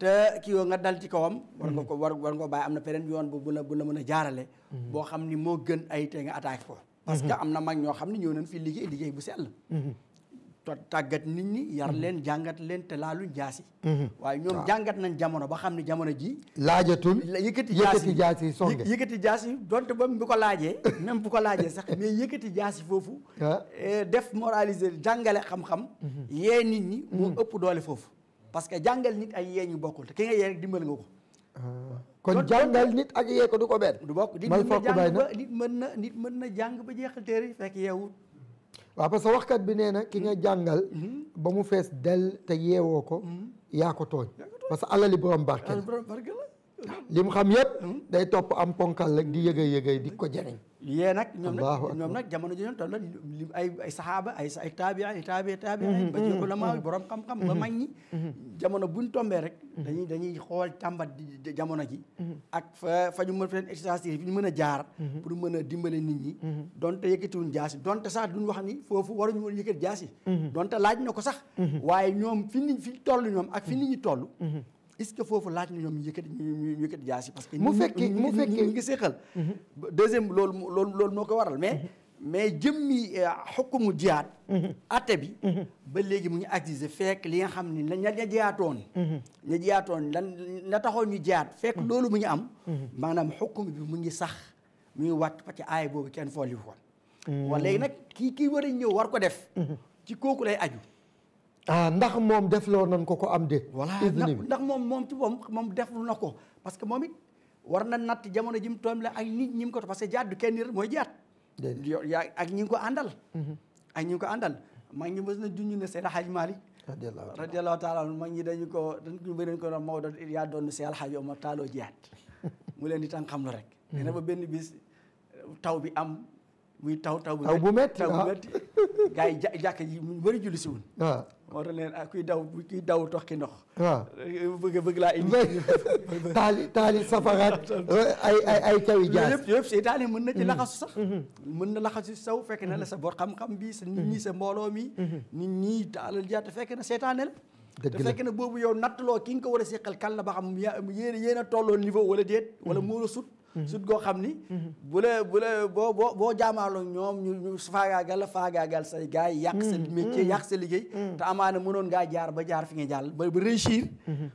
Speaker 2: te kii woo nga dal ci kawam war nga ko war war nga ko bàyyi am na beneen yoon bu la bu la mën a jaarale boo xam ni moo gën ay te nga attaque ko parce am na mag ñoo xam ne ñëw nan fi liggéey liggéey bu sell tàggat nit ñi yar mm-hmm. leen jàngat leen te laaluñ jaasi mm-hmm. waaye ñoom jàngat nañ jamono ba xam ne jamono ji laajatul yëkkati jaasi yëkkati jaasi songe yëkkati jaas donte ba bu ko laajee même bu ko laajee sax mais jaasi foofu eh, def moraliser jàngale xam-xam mm-hmm. yee nit ñi moo ëpp doole foofu parce que jàngal nit ay yee ñu bokkul te ki nga yee rek dimbal nga ko ah. kon jàngal nit ak yee ko du ko benn du bokk nit mën na jàng nit mën na jàng ba jeexal téere fekk
Speaker 1: yeewut waaw ba sa waxkat bi nee na ki nga jàngal ba mu fees del te yeewoo ko mm-hmm. yaa ko tooñ parce que alali borom barke li mu xam yëpp day topp am ponkal rek di yëgay yëgay di ko jëriñ yée nag ñoom nag ñoom
Speaker 2: nag jamono ji ñoom toll li ay ay saxaaba ay ay taabi ay taabi taabi mm-hmm, ba ci mm-hmm, ulama mm-hmm. borom xam-xam ba mag ñi jamono buñ tombee rek dañuy dañuy xool càmbat jamono ji ak fa fa ñu mën fa leen exercice fi ñu mën a jaar pour mën a dimbale nit ñi ñoom ak fi nit ñi toll est-ce que foofu laaj na ñoom ñu yëkkati ñu yëkkati jaas parce que mu fekkee mu fekkee ñu ngi seqal deuxième loolu loolu loolu moo ko waral mais mais jëmmi euh, xukumu jihaad atte bi ba léegi mu ñu agise fekk li nga xam ni ña ña jiyaatoon ña jiyaatoon taxoon ñu jaat fekk loolu mu ñu am maanaam xukum bi mu ngi sax mu ngi wàcc parce aay boobu kenn fool yi woon
Speaker 5: mmh. wala léegi nag
Speaker 2: kii kii war a ñëw war ko def mmh. ci kooku lay aju ah ndax moom defloo nañ ko ko am déet. voilà ndax moom moom ci moom moom deflu ko parce que moom it war na natt jamono ji mu toom la ak nit ko parce que jaat du kenn nit ak ñi ko àndal. Mm-hmm. ak ñi ngi ko na maa ngi mës na junj ne Seydi Hadj Malick. radiallahu taala anhu mag ñi dañu ko dañu bëri ko doon Maodo yaa doon si alxaaji Omar taaloo jiyaat mu leen di tànk xam lu rek. Mm-hmm. nee na ba benn bis taw bi am. muy taw taw bu bu métti taw bu métti ah. gars yi jàkk yi mu bëri julli si wun waaw ah. moo tax neen ah kuy daw kuy daw tox ki ndox waaw ah. bëgg bëgg laa indi taali taali safaraat ay ay ay kawi jaas yëpp yëpp seytaane mën na ci mm-hmm. laxasu sax mm-hmm. mën na laxasu saw fekk na la sa bor xam-xam bi sa nit ñi mm-hmm. sa mbooloo mi nit ñi taalal jaate fekk na seytaane te fekk na boobu yow nattaloo ki nga war a seqal kan ba xam yéen a tolloo niveau wala déet wala moo sut Mm-hmm. sut goo xam ni mm-hmm. bu lee bu lee boo boo boo jaamaarloo ñoom ñu ñu faagaagal la faagaagal say gars yi yàq sa mm-hmm. métier yàq sa liggéey te amaana mënoon ngaa jaar ba jaar fi nga jàll ba ba réussir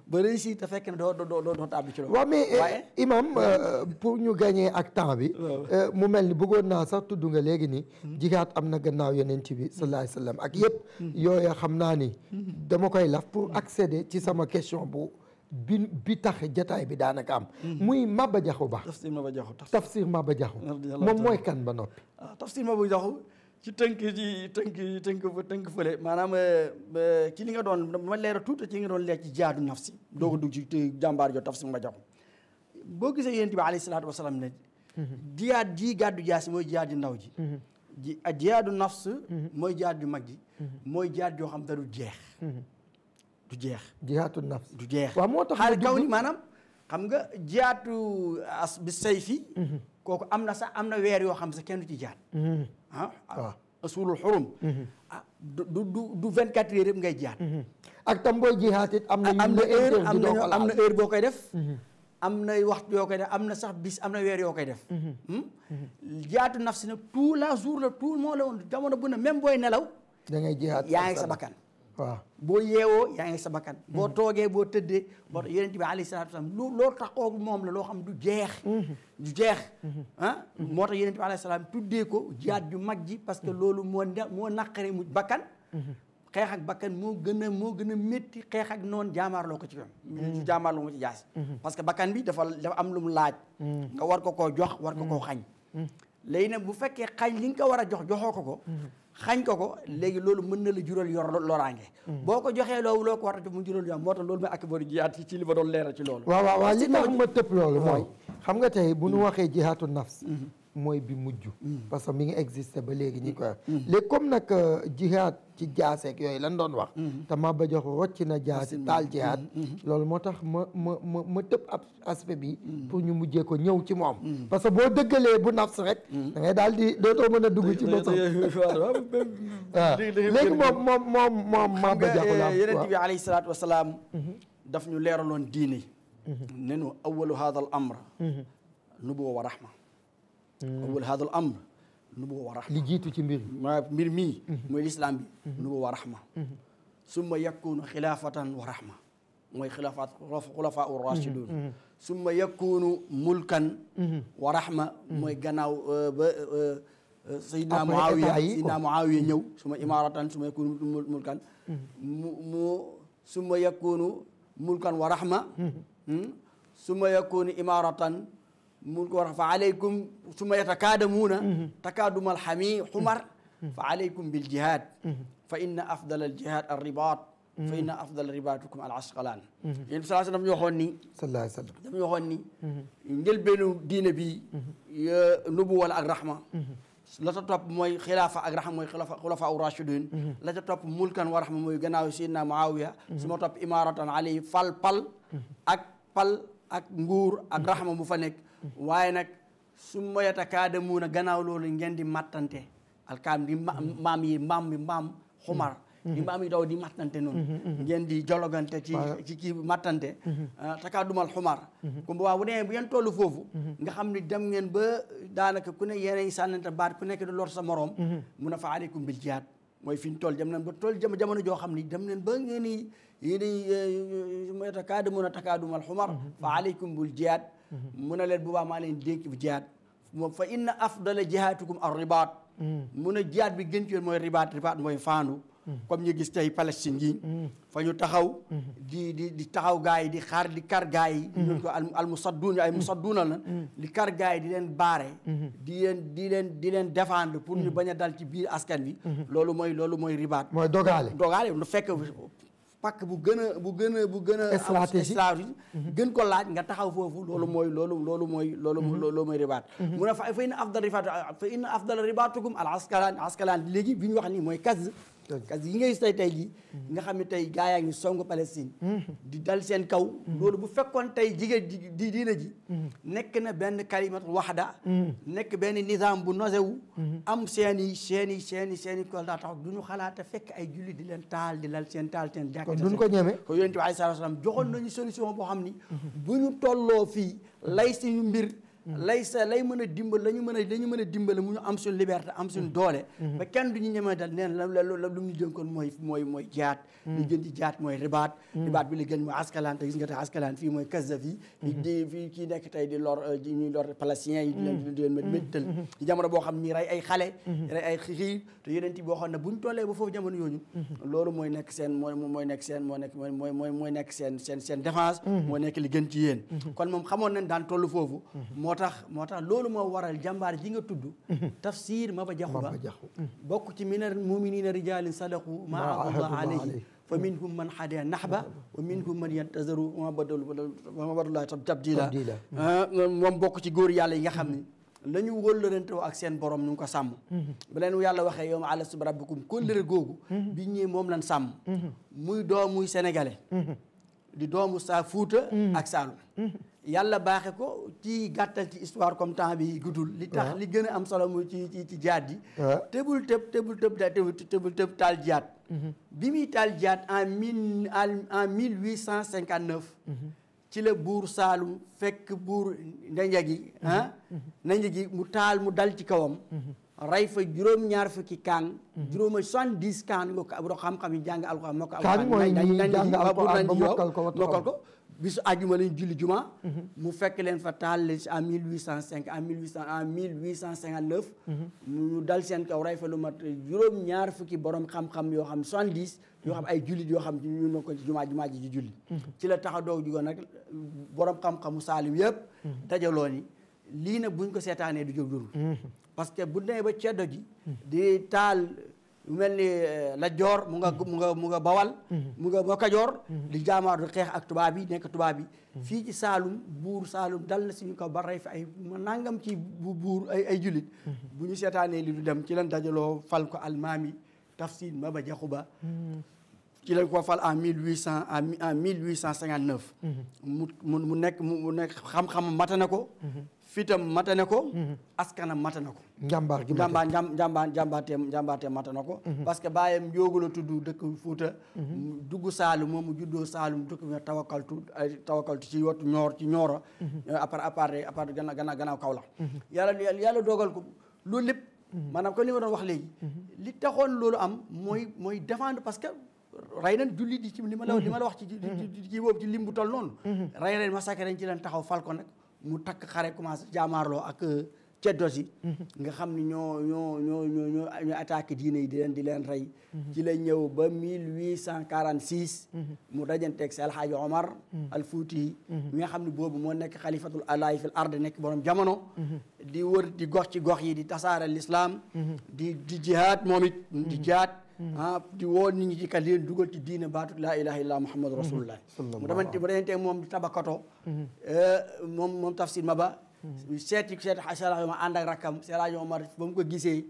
Speaker 2: ba réussir te fekk ne doo doo doo doo tàbbi ci loolu waaw mais eh,
Speaker 1: imam euh, pour ñu gagner ak temps bi euh, mu mel ni bëggoon naa sax tudd nga léegi ni jigaat am na gannaaw yonent bi sallallahu alayhi wa sallam ak yëpp yooya xam naa ni dama koy laf pour accéder ci sama question bu bi bi tax jataay bi daanaka am. Mhm. muy Maba Jaxu Ba. tafsir Maba Jaxu tafsir Maba Jaxu moom mooy kan ba noppi. ah tafsir Maba Jaxu
Speaker 2: ci tënk ci tënk tënk tënk fële maanaam eh, eh, ci li nga doon ma leeral tuuti ci nga doon leer ci jaadu nafsi mhm. doo ko dugg ci jàmbaar jo tafsir Maba Jaxu boo gisee yonent bi alayhi salaatu wasalaam ne. jiyaat mhm. jii gàddu jaasi mooy jiyaat ji ndaw ji. ji jiyaadu nafs. mooy jiyaat ju mag ji. mooy jiyaat joo xam da du jeex.
Speaker 1: du jeex jihaatu nafs du jeex waaw
Speaker 2: moo tax xaal kaw ni maanaam xam nga jihaatu as bi sayfi mhm. kooku am na sax am na weer yoo xam sax kenn du ci jihaat mhm. ah waaw ah. ah, asulul xurum mhm. ah du du du vingt quatre heures yëpp ngay jihaat ak tam booy jihaat it am na ah, am na heure am na am na heure boo koy def am na waxtu yoo koy def am na sax bis am na weer yoo koy def hmm? jihaatu nafs nag tout la jour la tout moo la woon jamono bu na même booy nelaw da
Speaker 1: jihaat yaa ngi sa bakkan waaw
Speaker 2: boo yeewoo yaa ngi sa bakkan boo toogee boo tëddee boo yonent bi alayhi salaatu wasalaam lu loo taxoo moom la loo xam du jeex mm-hmm. du jeex mm-hmm. Ah? Mm-hmm. moo tax yonent bi alayhi salaam tuddee ko jihaad ju mag ji parce que loolu moo moo naqare mu bakkan xeex ak bakkan moo gën a moo gën a métti xeex ak noonu jaamaarloo ko ci yoon jaamaarloo ko ci jaasi parce que bakkan bi dafa dafa am lu mu laaj nga war ko koo jox war ko koo xañ léegi nag bu fekkee xañ li nga war a jox joxoo ko ko xañ ko ko léegi loolu mën na la jural yor loraange mm. boo ko joxee loolu loo ko war a def moo tax loolu mooy akbaru jihaad ci li ma doon leeral ci loolu waaw waaw waaw li tax
Speaker 1: ma tëb loolu mooy xam nga tey bu ñu mm. waxee jihaatu nafs mm-hmm. mooy bi mujj. Mm. parce que mi ngi existé ba léegi nii koy wax. Mm. Mm. léegi comme nag euh, jihaad ci jaaseeg yooyu lan doon wax. Mm-hmm. te Maba Diakhou rocc na jaasi taal jihaad. Mm-hmm. Mm-hmm. loolu moo tax ma ma ma ma tëb ab aspect bi. pour ñu mujjee ko ñëw ci moom. parce que boo dëggalee bu nafs rek. da ngay daal di dootoo mën a dugg ci bosam.
Speaker 2: waaw léegi moom
Speaker 1: moom moom moom
Speaker 4: Maba Diakhou
Speaker 2: la eh, ñu leeraloon diini. ne nu awwalu haadal amr nubuwa wa rahma. أول هذا الأمر نبوة ورحمة
Speaker 1: لجيتو تي مير
Speaker 2: ما مير مي موي الإسلام بي نبوة ورحمة ثم يكون خلافة ورحمة موي خلافة خلفاء الراشدون ثم يكون ملكا ورحمة موي غناو آه، آه، آه، سيدنا معاوية سيدنا معاوية نيو ثم إمارة ثم يكون ملكا ثم يكون ملكا ورحمة ثم يكون إمارة ملك ورفع عليكم ثم يتكادمون تكادم الحمي حمر فعليكم بالجهاد فإن أفضل الجهاد الرباط فإن أفضل رباطكم العسقلان يعني صلى الله عليه وسلم صلى الله عليه وسلم دم يخوني نجل بين دين بي نبوة الرحمة لا تطلب موي خلافة الرحمة موي خلافة خلافة الراشدين لا تطلب ملكا ورحمة موي جناوي سيدنا معاوية ثم تطلب إمارة علي فالبل أكبل أك نغور أك رحمة مو فنك waaye nag su moyata kaada muun a gannaaw loolu ngeen di mattante alkaam di mm-hmm. maam yi maam bi maam xumar mm-hmm. di maam yi daw di mattante noonu mm-hmm, ngeen di jologante ci ci ki mattante ah, takaadumal xumar comme waaw bu demee bu ngeen toll foofu nga xam ni dem ngeen ba daanaka ku ne yeeneen sànnante baat ku nekk di lor sa moroom mun a fa aleykum mooy fi ñu toll jëm nañ ba toll jëm jamono joo xam ni dam nañ ba ngeen i yéen i moyata kaada muun a eh, takaadumal xumar fa aleykum bil jihaad mu ne leen bu baax maa leen dénk jihaad moom fa inna afdala jihaatukum ar ribaat mu a jihaad bi gën ci yoon mooy ribaat ribaat mooy faandu comme ñu gis tey Palestine yi fa ñu taxaw di di di taxaw gars yi di xaar di kar gars yi ñun ko al musadduun ay musadduuna la di kar gars yi di leen baare di leen di leen di leen défendre pour ñu bañ a dal ci biir askan bi loolu mooy loolu mooy ribaat mooy dogaale dogaale lu fekk pàkk bu gën a bu gën a bu gën a. stratégie mhm. gën ko laaj nga taxaw foofu. loolu mhm. mooy loolu loolu mooy. loolu mhm. loolu mooy ribaat. mu fa fa inna ribaatukum al askalaan askalaan léegi bi ñu wax nii mooy kaz. parce que yi ngay gis tey tey nga xam ne tey gaa yaa ngi songu Palestine mm-hmm. di dal seen kaw mm-hmm. loolu bu fekkoon tey jigéen di diina ji mm-hmm. nekk na benn kalimat waxda
Speaker 5: nekk
Speaker 2: benn nizaam bu nosewu am seen i seen i seen i seen i daa tax du ñu xalaata fekk ay julli di leen taal di lal seen taal seen jàkk kon ko ñeme ko yonent bi aleyhi salaam joxoon boo xam ni bu ñu tolloo fii lay suñu mbir Mm-hmm. lay sa lay mën a dimbal la ñu mën a la a dimbale mu ñu am suñ liberté am suñ doole mm-hmm. ba kenn du ñu ñemee dal neen la la lu ñu dénkoon mooy mooy mooy jaat mm-hmm. li jaat mooy ribaat ribaat bi li mooy askalaan te daan toll foofu moo tax moo tax loolu moo waral jàmbaar ji nga tudd mhm. tafsir Maba Jaxu Ba mhm. bokk ci minal a rijalin sadaqu ma ahadullah alayhi fa minhum man hada nahba wa minhum man yantazaru ma badal ma badullah tabdila ah, moom bokk ci góor yàlla yi nga xam ne la ñu wóllërante ak seen borom ñu ngi ko sàmm mhm. ba leen yàlla waxee yow ma alastu bi rabbikum kóllëre googu bi ñëwee moom lan sàmm muy doomuy sénégalais di doomu saa fuuta ak saalum yàlla baaxe ko ci gàttal ci histoire comme temps bi guddul li tax ah. li gën a am solo mu ci ci ci jihaad yi ah. tëbul tëb tëbul tëb da tëbul tëb taal jihaad mhm. bi muy taal jaat en mille en mille huit cent cinquante neuf mhm. ci la buur Saalum fekk buur ndanja gi mhm. ah ndanja gi mu taal mu dal ci kawam rey fa juróom-ñaar fukki kaan. juróoma soixante-dix kaan nga ko ab xam-xam yi jàng alxuraan moo ko. kaan mooy ñi jàng alxuraan ba mokkal ko bisu àjjuma lañ julli juma. Mhm. mu fekk leen fa taal leen si en mille huit cent cinq en mille huit cent en neuf. Mhm. mu dal seen kaw rey fa lu mat juróom ñaar fukki borom xam-xam yoo xam soixante yoo xam mhm. ay jullit yoo xam ñu ne ko jumaa jumaa ji di julli. ci la taxa doog jugoon nag borom xam-xamu saalim yëpp. dajaloo ni lii nag buñ ko seetaanee du jóg dund. bu demee ba ceddo ji. di taal. mu mel ni eh, la mu nga mu nga mu nga bawal mhm. mu nga nga kajoor mhm. di jaamaar du xeex ak tubaab yi nekk tubaab yi mhm. fii ci saalum buur saalum dal na suñu kaw ba rey fi ay nangam ci bu buur ay ay jullit bu ñu seetaanee li du dem ci lan dajaloo fal ko almaami tafsir maba jaxuba ci lañ ko fal en mille huit cent en mille huit cent cinquante neuf mu mu nekk mu nekk xam-xam mata na ko fitam matane ko mhm. askanam matane ko njàmbaar gi njàmbaar njàmbaar njàmbaatee njàmbaatee matane ko mhm. parce que baayam njóogu la tudd dëkk Fuuta mhm. dugg Saalum moom mu juddoo Saalum dëkk bi tawakaltu tawakaltu ci wattu ñoor ci ñooro euh, à part à part à part gannaaw gannaaw gannaaw kaw la yàlla yàlla dogal ko loolu lépp maanaam comme li ma doon wax léegi li taxoon loolu am mooy mooy défendre parce que ray nañ julli di ci li ma la li ma la wax ci ci boobu ci lim bu toll noonu ray leen massacre ci leen taxaw fal ko nag mu takk xare commencé jaamaarloo ak euh, ceddo si mm-hmm. nga xam ni ñoo ñoo ñoo ñoo ñoo ñu attaqué diine yi di leen di leen rey mm-hmm. ci la ñëw ba 1846. Mm-hmm. mu dajanteeg si alxaaji omar al fuuti yi mi nga xam ne boobu moo nekk xalifatul alaayi fil ard nekk borom jamono di wër di gox ci gox yi di tasaare l'islam di di jihaad moom di jihaad Mm-hmm. ah di woo nit ñi ci kat leen dugal ci diine baatu laa ilaha illallah muhammadu mm-hmm. rasulullah mu damante mu dañante moom tabakato mm-hmm. eh, moom moom tafsir maba seeti seeti ko gisee.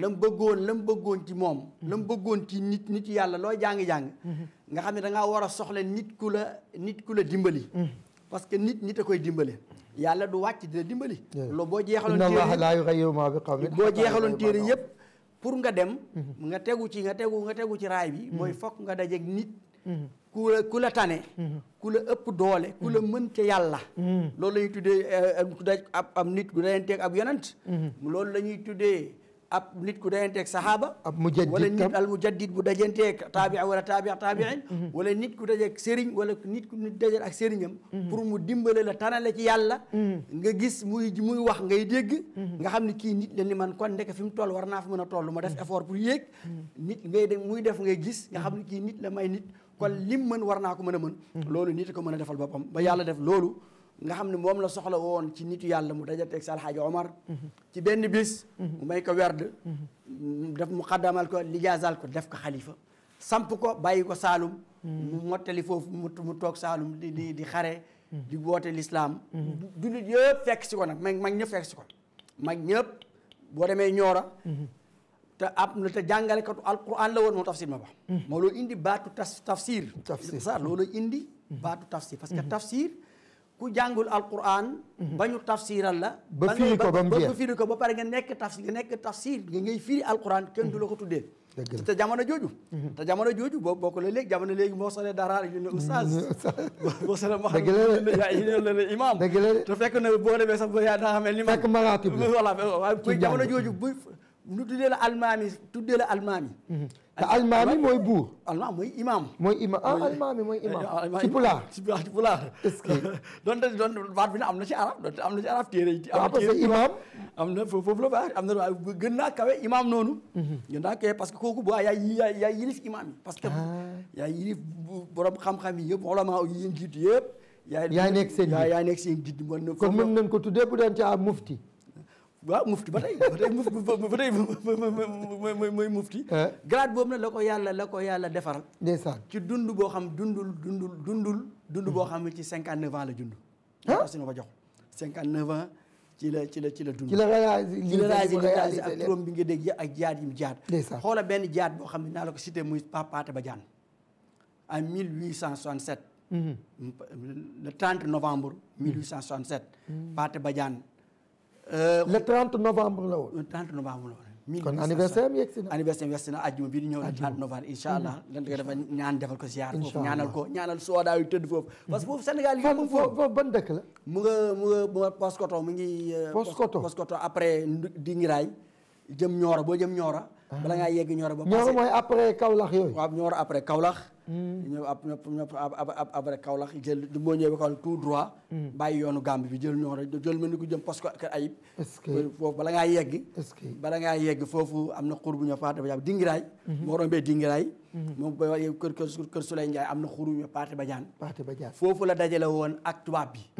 Speaker 2: la mu la mu bëggoon ci moom. la mu bëggoon ci nit nit loo jàng jàng. nga da ngaa war a soxla ku la nit ku la dimbali. parce que nit nit a koy dimbali. yàlla du wàcc dina dimbali. loolu boo jeexaloon
Speaker 1: téere boo jeexaloon téere
Speaker 2: yëpp. pour nga dem mhm. nga tegu ci nga tegu nga tegu ci raay bi mhm. mooy fokk nga dajeeg nit mhm. ku la ku la tane ku la ëpp doole ku la mën ca yàlla loolu la ñuy tuddee eh, eh, daj ab am nit gu dajanteeg ab yonent loolu la ñuy tuddee ab nit ku dajanteeg saxaaba. ab mujaddid wala nit al mujaddid bu dajanteeg taabia wala taabia taabiin. Mm-hmm. Mm-hmm. wala nit ku dajeeg sëriñ wala nit ku nit dajal ak sëriñam. Mm-hmm. pour mu dimbale la tane la ci yàlla. nga gis muy muy wax ngay dégg. nga xam ne kii nit la ni man kon ndeke fi mu toll war naa fi mën a toll ma def effort pour yéeg. nit ngay dem muy def ngay gis nga xam ne kii nit la may nit. kon lim mën war naa ko mën a mën. loolu nit ko mën a defal boppam ba yàlla def loolu. nga xamne mom la soxla won ci nitu yàlla mu dajateeg sa alxaaji Omar ci benn bis mu may ko werd def mu xaddamal ko lijazal ko def ko khalifa samp ko bayiko salum mu mottali foofu mu mu tok salum di di di xare di woote lislaam jullit yëpp fekk ci ko nak mag mag ñëpp fekk ci ko mag ñëpp bo demé ñora ta ap na ta jangale ko alquran la won moom tafsir ma ba mo lo indi batu tafsir tafsir sa lo lo indi batu tafsir parce que tafsir ku jàngul alquran mhm. ba ñu tafsiral la ba firi ko ba mu ko ba pare nga nekk taf nga nekk tafsir nga ngay firi alquran kenn du la ko mhm. tuddee te jamono jooju mhm. te jamono jooju boo boo ko la léegi jamono léegi moo solee dara ñu ne oustaz boo solee ma xam ne fekk na boo demee sax ba yaa daa xamee li ma fekk maratib voilà waaye jamono jooju bu ñu tuddee la almaami tuddee la almaami te almaami mooy buur. almaami mooy imaam. mooy imaam ah almaami mooy imaam. ci pulaar ci pulaar. est-ce que donte doon baat bi na am na ci arab donte am na ci arab téere yi. am na parce que imaam. am na foofu la baax am na waaye gën naa kawe imaam noonu. Mhm. gën naa kawe parce que kooku bu baax yaa yaa yaa yilif imaam yi. parce que ah. yaa yilif borom xam-xam yi yëpp ulama yi njiit yëpp. yaa nekk seen njiit yaa nekk seen njiit. kon mën nañ ko tuddee bu daan ci mufti. waaw mufti ba tey ba tey mufti ba tey mooy mooy mufti. Eh? grade boobu nag la ko yàlla la ko yàlla defaral. ndeysaan ci dund boo xam dundul dundul dundul. dund boo xam ne ci 59 ans la dund. ah suñu ba jox 59 ans ci la ci la ci la dund. ci la réalisé ci la réalisé ak turam bi nga dégg yëpp ak jaat yi mu jaat. ndeysaan xoola benn jaat boo xam ne naa la ko cité muy Papaate ba jaan en 1867. le 30 novembre. 1867. Paate Badiane. Euh, le 30 novembre la woon. le 30 novembre anniversaire am yegsi na anniversaire am yegsi ñëw le 30 novembre incha allah mm. lan nga defal ñaan defal ko ziar foofu ñaanal ko ñaanal soodaa tëdd foofu mm. parce foofu Sénégal yi foofu foofu ban dëkk la mu nga mu nga mu nga mu ngi euh, Paskoto Paskoto après Dingiraay jëm Nioro boo jëm Nioro ah. bala ngaa yegg Nioro ba Nioro mooy après Kaolack ñëw ab ñëpp après Kaolack jël boo ñëwee Kaolack tout droit. Hmm. bàyyi yoonu Gambie bi jël ñoo rek jël mel ku jëm parce que Ayib. est bala ngaa yegg. bala ngaa yegg foofu am na ñu faata ba jaan dingiraay. Hmm. moo rombee dingiraay. Hmm. moom ba kër kër kër Souley Ndiaye am ñu paate ba jaan. la ak bi.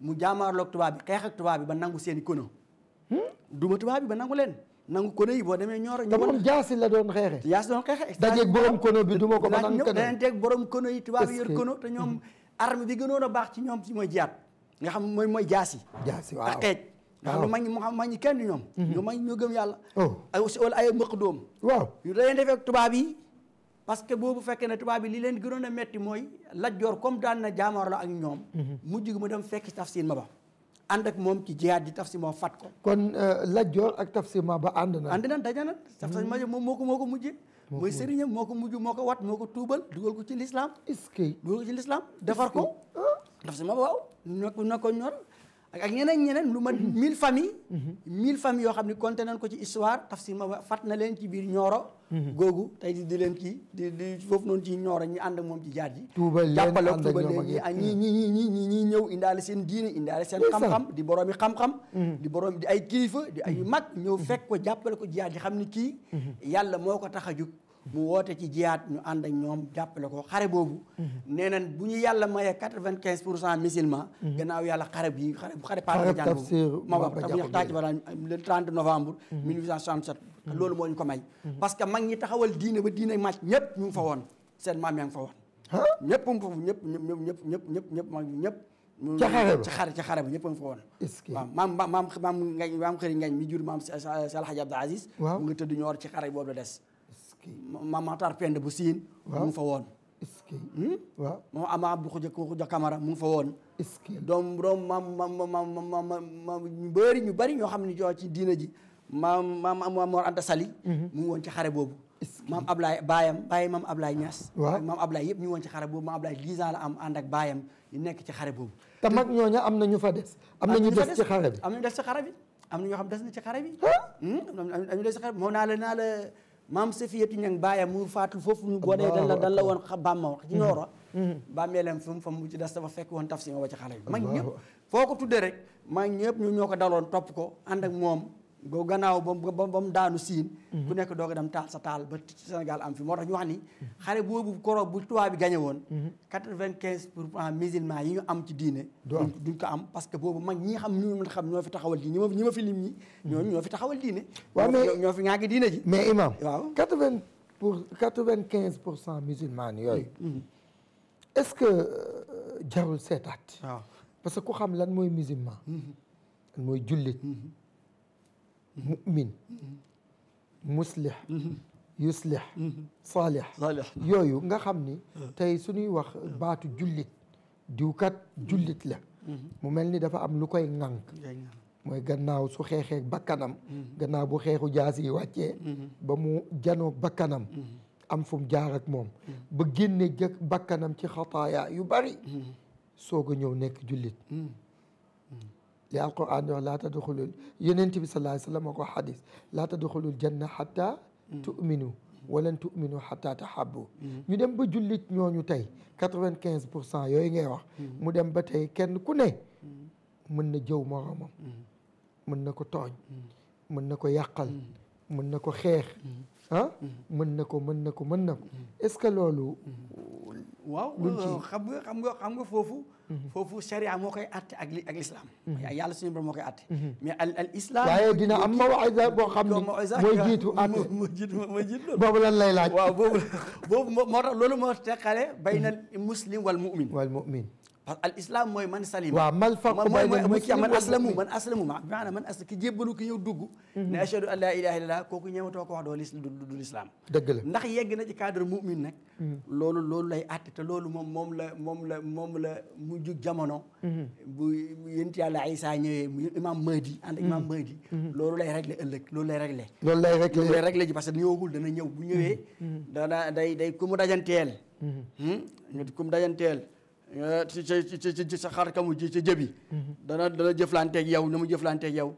Speaker 2: mu bi ak bi ba nangu seen kono. duma bi ba nangu nangu kono yi boo demee ñooro te moom jaasi la doon xeexe jaasi doon xeexe dajeeg borom kono bi duma ko mën a ñëw teg borom kono yi tubaab yor kono te ñoom mm-hmm. arme bi baax ci ñoom ci mooy jiyaat nga xam mooy mooy jaasi
Speaker 1: jaasi waaw ak xeej
Speaker 2: nga xam ne mag ñi moo xam mag ñi kenn ñoom mm-hmm. ñoom mag ñi oh. ay aussi wala ay mbëq tubaab yi parce que boobu fekkee ne tubaab yi li leen gënoon a metti mooy lajjoor comme daan na jaamoor la ak ñoom mm-hmm. mujj gi mu dem fekk tafsiin ma ba ànd ak moom ci jihaad ji tafsir moo fat ko. kon euh, Lat Joor ak tafsir ma ba ànd na. ànd na daje na tafsir ma moom moo ko moo ko mujjee. mooy sëriñam moo ko mujj moo ko wat moo ko tuubal dugal ko ci lislaam. est-ce que dugal ko ci lislaam defar ko. Ah. tafsir ma ba waaw na ko ñor. ak ak ñeneen ñeneen lu ma mhm. mille famille mhm. mille famille yoo xam ne compté nañ ko ci histoire tafsir ma fat na leen ci biir ñooro mhm. googu tey di di leen kii di di noonu ci ñooro ñi ànd ak moom ci jaar ji jàppale ak tuubal leen ñi ñëw indaale seen diine indaale seen xam-xam di boroomi xam-xam di boroom di ay kilifa di ay mag ñëw fekk ko jàppale ko jaar ji xam ni kii yàlla moo ko tax a jug mu woote ci jiyaat ñu ànd ak ñoom jàppale ko xare boobu mhm. nee nañ bu ñu yàlla mayee quatre-vingt-quinze pour cent musulman mhm. gannaaw yàlla xare bi xare xare Pape Badiane ma ko tax tàcc ba le 30 novembre mhm. que mag ñi taxawal diine ba diine ñëpp ñu ngi fa woon maam yaa ngi fa woon ñëpp mu ñëpp ñëpp ñëpp ñëpp ñëpp ñëpp mag ñëpp ca xare a ngi fa woon. est-ce que waaw maam maam ngañ maam xëri ngañ mi jur maam Alhaji Abdou Aziz. mu ngi tëdd ñoor ci xare boobu la des. ma Matar Pend bu siin mu ngi fa woon hmm? waaw moom ama bu xuja xuja Camara fa woon doom doom mam ma ma ñu bëri ñu bëri ñoo xam ne joo ci diina ji maam maam maam Mor Anta Sali mhm. mu ngi woon ci xare boobu maam Ablaye baayam bàyyi maam Ablaye Niass waaw maam Ablaye yëpp ñu ngi woon ci xare boobu maam Ablaye dix ans la am ànd ak baayam ñu nekk ci xare boobu te mag ñooñu am na ñu fa des am na ñu des ci xare bi am na ci xare bi hmm? am na ñu des ci xare bi moom naa la naa la maam Safiyatu Ñaŋ baayam mu faatu foofu ñu goonee dan la dan la woon bam ma wax ci ñooro mm-hmm. mm-hmm. bàmmeelam fi mu fa mu ci des dafa fekk woon tafsir wa ci xale yi mag ñëpp foo ko tuddee rek mag ñëpp ñu ñoo ko daloon topp ko ànd moom go gannaaw bam bam ba mu daanu siin. Mhm. ku nek doog a dem tal sa tal ba senegal am fi motax ñu wax ni. Mhm. xare bobu koro bu tuwa bi gagné won 95% mhm. vingt musulman yi ñu am ci diiné duñ ko am parce que bobu mag ñi xam ñu xam ñoo fi
Speaker 1: taxawal diine ñi ma fi lim ñi. ñoo ñoo fi taxawal diiné wa mais ñoo fi ŋànk diiné ji. mais imam 80 pour 95% vingt quinze musulman yooyu. est-ce que euh, jarul seetaat. parce que ku xam lan moy musulman. moy mooy mu'min muslih yuslih saalih yooyu nga xam ni tey suñuy wax baatu jullit diwkat jullit la mu mel ni dafa am lu koy ŋànk mooy gannaaw su xeexee bakkanam gannaaw bu xeexu jaas yi wàccee ba mu janoo bakkanam am fu mu jaar ak moom ba génne jëkk bakkanam ci xataaya yu bari soog a ñëw nekk jullit لي القران لا تدخلوا ينتبي يعني صلى الله عليه وسلم وكو حديث لا تدخلوا الجنه حتى تؤمنوا ولن تؤمنوا حتى تحبوا ني دم با جوليت ньо ญ و تاي 95% يوي غي واخ مو دم با تاي كين كو ني من نجو مرام من نكو توج من نكو يقال من نكو خيخ ها من نكو من نكو من نكو اسكو لولو
Speaker 2: waaw euh, xam nga xam nga xam nga foofu mhm. foofu sharia moo koy atte ak ak l'islam mhm. yàlla suñu borom moo koy atte mhm. mais al al islam waaye dina am mawisa boo xam ne mooy jiitu atte mooy jiitu mooy jiitu loolu boobu lan lay laaj waaw boobu boobu moo tax loolu moo teqale bayna al muslim wal mu'min wal mu'min parce que mooy man salima waaw mal faq mooy ki man aslamu ma maanaam man asla ki jébbalu ki ñëw dugg mhm. ne ashadu an laa ilaha illallah kooku ñëwatoo ko wax doo lis du lislaam dëgg la ndax yegg na ci cadre mu'min nag mhm. loolu loolu lay àtte te loolu moom moom la moom la moom la mu jug jamono mhm. bu yent yàlla Isa ñëwee imam Mahdi ànd ak imam Mahdi loolu lay réglé ëllëg loolu lay réglé loolu lay réglé loolu lay réglé ji parce que ñëwagul dana ñëw bu ñëwee dana da day ku mu dajanteel ñu hmm? ku dajanteel ci ci ci ci sa xar kamu ci ci jëbi mm-hmm. dana dana jëflanteeg yow na mu jëflanteeg yow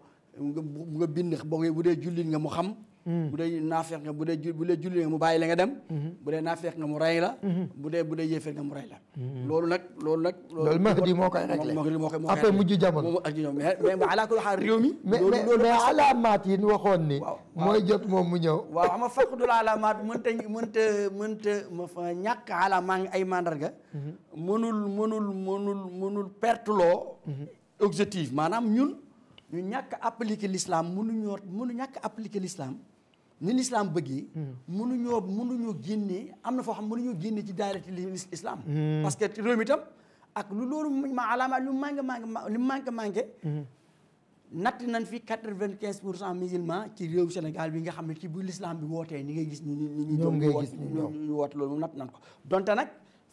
Speaker 2: nga bind boo bu dee jullit nga mu xam Mm-hmm. bu dee naafeex nga bu dee bu dee julli nga mu bàyyi la nga dem mm-hmm. bu dee naafeex nga mu rey la mm-hmm. bu dee bu dee yéefeer nga mu rey la loolu nag loolu nag loolu mahdi moo koy réglé mahdi moo koy moo koy après mujj jamono ak ñoom mais mais ala kulli xaal
Speaker 1: réew mi mais mais alaamaat yi waxoon ni mooy jot moom mu ñëw waaw xam nga faqdul
Speaker 2: alaamaat mënta mënta mënta ma ñàkk alaama ngi ay mandarga mënul mënul mënul mënul perteloo objectif maanaam ñun ñu ñàkk appliquer l'islam mënu ñoo mënu ñàkk appliquer l'islam ni lislaam bëggee hmm. mënuñoo mënuñoo génnee am na foo xam mënuñoo génnee ci daayirati lislaam hmm. parce que réew mi itam ak lu loolu ma alaama lu manqué manqué lu manqué manqué hmm. natt fi quatre-vingt-quinze pour cent musulman ci réew Sénégal bi nga xam ne ci bu lislaam bi wootee ni ngay gis ni ñu ñu ñu woote loolu moom natt nañ ko donte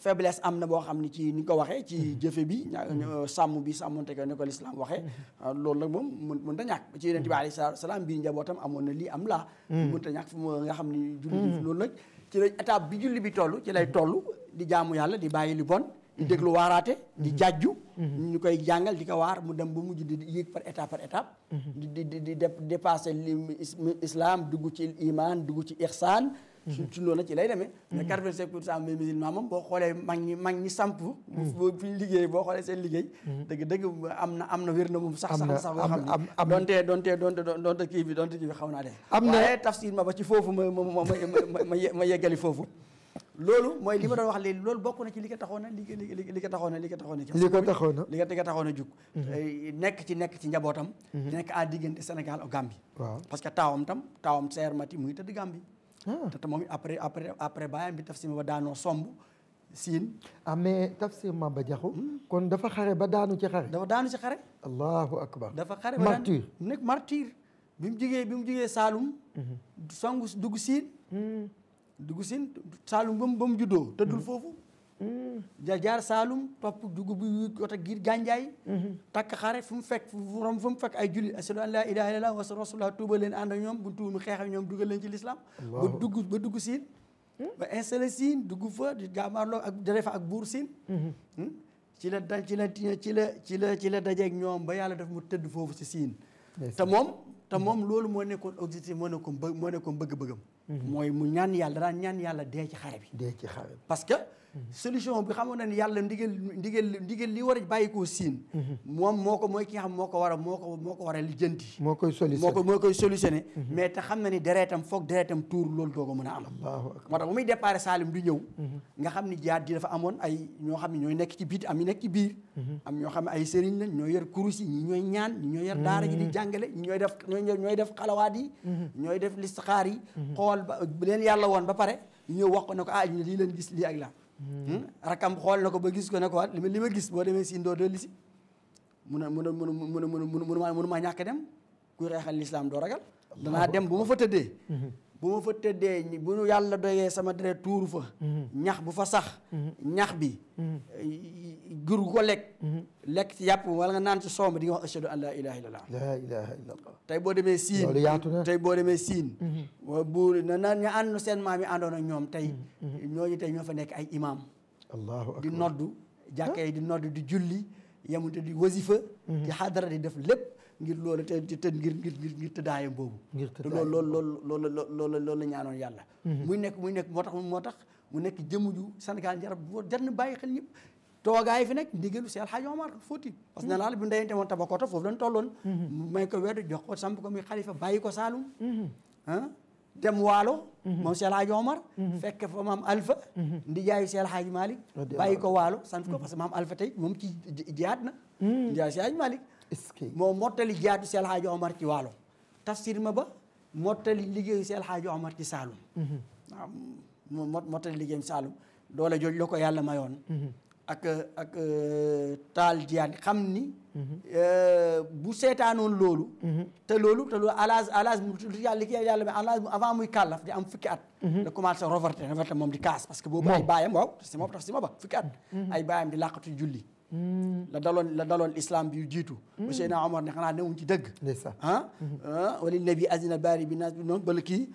Speaker 2: faiblesse am na boo xam ni ci ni ko waxee ci mhm. jëfe bi mhm. sàmm bi sàmmonte ko ni ko lislaam waxee mhm. ah, loolu nag moom mun mënu ta ñàkk ci yonent bi alayhi salaatu biir njabootam amoon na lii am laa mën ta ñàkk fu ma nga xam ni julli bi loolu nag ci lañ étape bi julli bi toll ci lay toll di jaamu yàlla di bàyyi li bon di déglu waaraate di jàjju ñu koy jàngal di ko waar mu dem ba mujj di yéeg par étape par étape di di di dépassé dugg ci iman dugg ci ihsaan ci noonu ci lay demee mm-hmm. mais quatre-vingt-cinq pour cent mais musulman moom boo xoolee mag ñi mag ñi samp mm-hmm. boo fi liggéey boo xoolee seen liggéey mm-hmm. dëgg dëgg am na am na wér na moom sax sax sax boo xam ne donte donte donte kii bi donte kii bi xaw naa def waaye tafsir ma ba ci foofu ma ma ma ma yeggali foofu loolu mooy li ma doon wax léegi loolu bokk na ci li ko taxoon na li li li ko taxoon na li ko taxoon li ko taxoon jug eh, nekk ci nekk ci njabootam nekk a diggante Sénégal ak Gambie waaw parce que taawam Ah. te moom après après après baayam bi Tafsir ba daanoo somb siin. ah
Speaker 1: mais Tafsir ba jaxu hmm? kon dafa xare ba daanu ci xare. dafa daanu ci xare. allahu akbar dafa xare ba daanu martyr nekk bi mu jigee bi mu jugee Saalum. Mhm. songu dugg siin.
Speaker 2: Hmm. dugg siin Saalum ba mu ba mu juddoo hmm. foofu. jaar Saalum topp dugub bi got a giir gànjaay takk xare fu mu fekk fu rom fu mu fekk ay jullit ashadu an laa ilaha illallah wa rasulullah tuuba leen ànd ak ñoom bu tuumu xeex ak ñoom dugal leen ci lislaam ba dugg ba dugg siin ba installé siin dugg fa di jaamaarloo ak dare ak buur siin
Speaker 5: mhm.
Speaker 2: ci la da ci ci la ci la ci la dajeeg ñoom ba yàlla daf mu tëdd foofu si siin te moom te moom loolu moo nekkoon objectif moo nekkoon bë moo nekkoon bëgg-bëggam mhm. mooy mu ñaan yàlla daan ñaan yàlla dee ci xare bi
Speaker 1: dee ci xare bi
Speaker 2: parce solution bi xamoon na ne yàlla ndigal ndigal ndigal li war a bàyyi koo siin moom moo ko mooy ki xam moo ko war a moo ko moo ko war a lijjanti moo koy solutionné moo ko moo koy solutionné mais xam na ni deretam foog deretam tuur loolu doo ko mën a am moo tax bu muy déparé Saalim du ñëw mhm. nga xam ni jaar di dafa amoon ay ñoo xam ne ñooy nekk ci biit am ñu nekk ci biir mhm. am ñoo xam ne ay sëriñ lañ ñooy yor kurus yi ñi ñooy ñaan ñi ñooy yor daara ji di mhm. jàngale ñi ñooy def ñooy def xalawaat yi ñooy def listixaar yi ba leen yàlla woon ba pare ñëw wax ko ne ko ah ñu lii leen gis lii ak laa Hmm. Hmm? rakam xool na ko ba gis ko ne ko waat li ma gis boo demee si ndoo dolli si mun a mun a mun mun mun munu maa ñàkk dem kuy xeexal lislaam doo ragal danaa dem bu ma fa tëddee hmm. bu ma fa tëddee bu ñu yàlla doyee sama deret tuuru fa mhm. ñax bu fa sax mhm. ñax bi mhm. jur ko lekk lekk ci yàpp wala nga naan ci soom di nga wax ashhadu an laa ilaha illallah
Speaker 5: laa
Speaker 1: ilaha
Speaker 2: tey boo demee siin tey boo demee siin bu na na ñu ànd seen maam yi àndoon ak ñoom tey ñooñu tey ñoo fa nekk ay imaam allahu akbar di noddu jàkka yi di noddu di julli yemute di wasifa di xadara di def lépp ngir loolu te te ngir ngir ngir ngir tëddaayam boobu te loolu loolu loolu loolu loolu loolu la ñaanoon yàlla mhm. muy nekk muy nekk moo tax moo tax mu nekk jëmm ju Sénégal jarab boo jar na bàyyi xel ñëpp toogaay fi nekk ndigalu Seex Alxaaji Omar Fouti parce que mhm. ne laal bi ndeyante woon tabakoto foofu lañ tolloon mhm. may ko wedd jox ko samp ko muy xalifa bàyyi ko Saalum ah dem waalo moom Seex Alxaaji Omar fekk fa maam Alpha ndijaayu Seex Alxaaji Malick bàyyi ko waalo sant ko parce que maam Alpha tey moom ci jiyaat na ndijaayu Seex Alxaaji Malick est-ce que moo mottali jaatu si El Hadj Omar ci Waalo tafsir ma ba mottali liggéeyu si El Hadj Omar ci Saalum mm-hmm. waaw moo mottali liggéeyam Saalum doole jooj la ko yàlla mayoon mm-hmm. ak ak euh, taal jiyaan xam ni mm-hmm. euh, bu seetaanoon loolu te loolu te loolu à l'âge à l'âge yàlla li yàlla mais à l'âge avant muy kàllaf di am fukki at la commencé reverté reverté moom di kaas parce que boobu ay baayam waaw si moom tax ba fukki at ay baayam di làqatu julli
Speaker 5: la
Speaker 2: daloon la daloon islam bi jiitu. monsieur na Omar ne xanaa newuñ ci dëgg. ndeysaan ah. wala nabi azina baari bi naas bi noonu bala kii.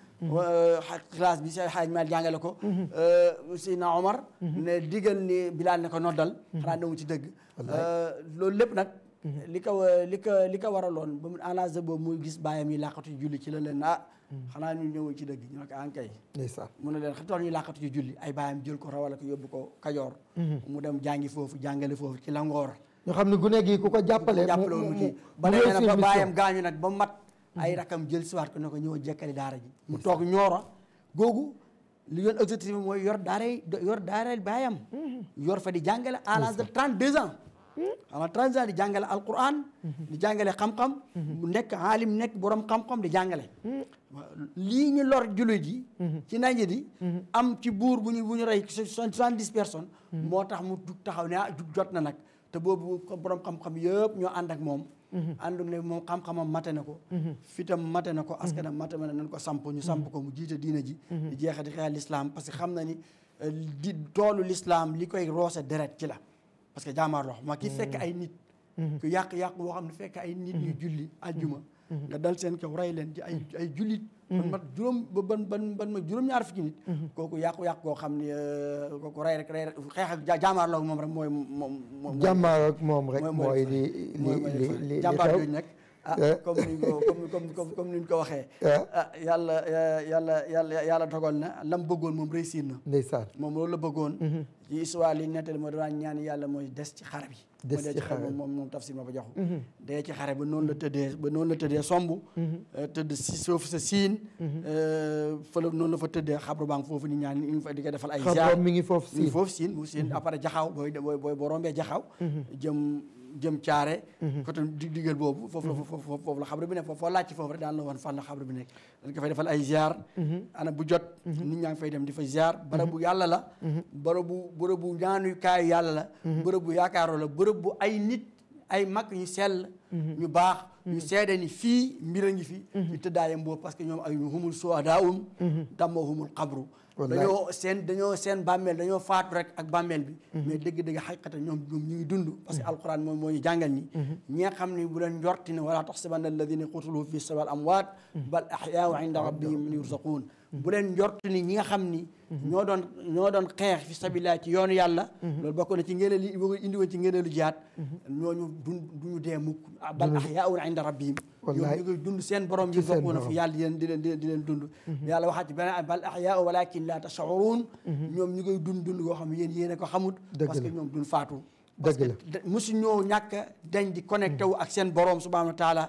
Speaker 2: classe bi seen xaaj ma jàngale ko. monsieur na Omar. ne digal ni Bilaal ne ko noddal. xanaa newuñ ci dëgg. loolu lépp nag. li ko li ko li ko waraloon ba mu en boobu muy gis baayam yi làqatu julli ci la leen ah. Mm. xanaa ñu ñëwuñ ci dëgg ñu ne ko ankay ah, mu ne leen xatoon ñu làqatu ci julli ay baayam jël ko rawale ko yóbbu ko kajoor mm-hmm. mu dem jàngi foofu jàngale foofu ci langoor
Speaker 1: ñu xam ne gune gi ko ko jàppale jàppale woon kii ba nee na ba baayam
Speaker 2: gaañu nag ba mat mm-hmm. ay rakam jël siwaat ko ne ko ñëw daara ji mu toog ñoora googu li yoon objectif bi mooy yor daara yor daara baayam mm-hmm. yor fa di jàngale à l'âge de 32 ans Hmm? ama transa di jàngale alquran hmm. di jàngale xam-xam hmm. nekk aalim nekk borom xam-xam di jàngale lii ñu lor jullit yi ci nañu di am ci buur bu ñu bu ñu rey soixante-dix personnes moo tax mu jug taxaw ne ah jug jot na nag te boobu borom xam-xam yëpp ñoo ànd ak moom àndu ne moom xam-xamam mate na ko fitam mate na ko askanam mate na nañ ko samp ñu samp ko mu jiite diina ji di jeexe di xeex a parce que xam na ni eh, toolu l'islam li koy roose deret parce que jaamaarloo xam ma ki mm. fekk ay nit mm-hmm. ku yàq-yàq woo xam ne fekk ay nit ñu mm-hmm. julli ajjuma mm-hmm. nga dal seen kaw rey leen ci ay ay jullit man juróom ban ban ban ñaar fukki nit kooku yàqu-yàq koo xam ne euh, kooku rey rek rey rek xeex ak moom rek mooy moom jàmmaar
Speaker 1: ak moom rek mooy li li li li xew ah eh?
Speaker 2: comme ni ko comme comme ni ñu ko waxee. Eh? ah yàlla eh, yàlla yàlla yàlla dogal na lam bëggoon moom réussir na. ndeysaan moom loolu la bëggoon. Mhm. ci histoire li ñu nettali moo daan ñaan yàlla mooy des ci xare bi. des ci xare bi moom moom tafsir ma mhm. ba jox. dee la tëddee ba noonu la tëddee somb. Mhm. tëdd si suuf sa siin. fële noonu la fa tëddee xabru baa ngi foofu ni ñaan ñu fa di ko defal ay. jaar xabru foofu siin mi jaxaw booy booy boo rombee jaxaw jëm. jëm caare mhm. côté diggéel boobu foofu la foofu la xabru bi nekk foofu laaj ci foofu rek daan la woon fan la xabru bi nekk dañ ko fay defal ay ziar mhm. ana bu jot mhm. nit ñaa ngi fay dem di fa ziar bërëb bu yàlla la bërëb bu bërëb bu ñaanu kaayu yàlla la bërëb bu yaakaaroo la bërëb bu ay nit ay mag ñu sell ñu baax ñu seede ni fii mbir a ngi fi ñu tëddaayam boobu parce que ñoom ay humul soo adaawum dammahumul xabru dañoo seen dañoo seen bàmmeel dañoo faatu rek ak bàmmeel bi mais dëgg-dëgg xaqiqatan ñoom ñoom ñu ngi dund parce que alquran moom moo ñu jàngal ñi ñi nga xam ne bu leen njorti ne wala taxsibanna alladina qutilu fi sabal amwaat bal axyaau inda rabbihim yursaqun بولن جرتني نيا خمني نودن نودن خير في سبيل الله تيون يلا لو بكون تيجي لي يبغوا يندوا تيجي لي الجات نو نو دون دون ده مك بل أحياء عند ربهم يقول دون سين برام يبغون في يال دين دين دين دين دون يلا واحد بنا بل أحياء ولكن لا تشعرون نو نقول دون دون قام ين ينك حمود بس كنوم دون فاتو مسنو نك دين دي كونكتو أكسين برام سبحانه وتعالى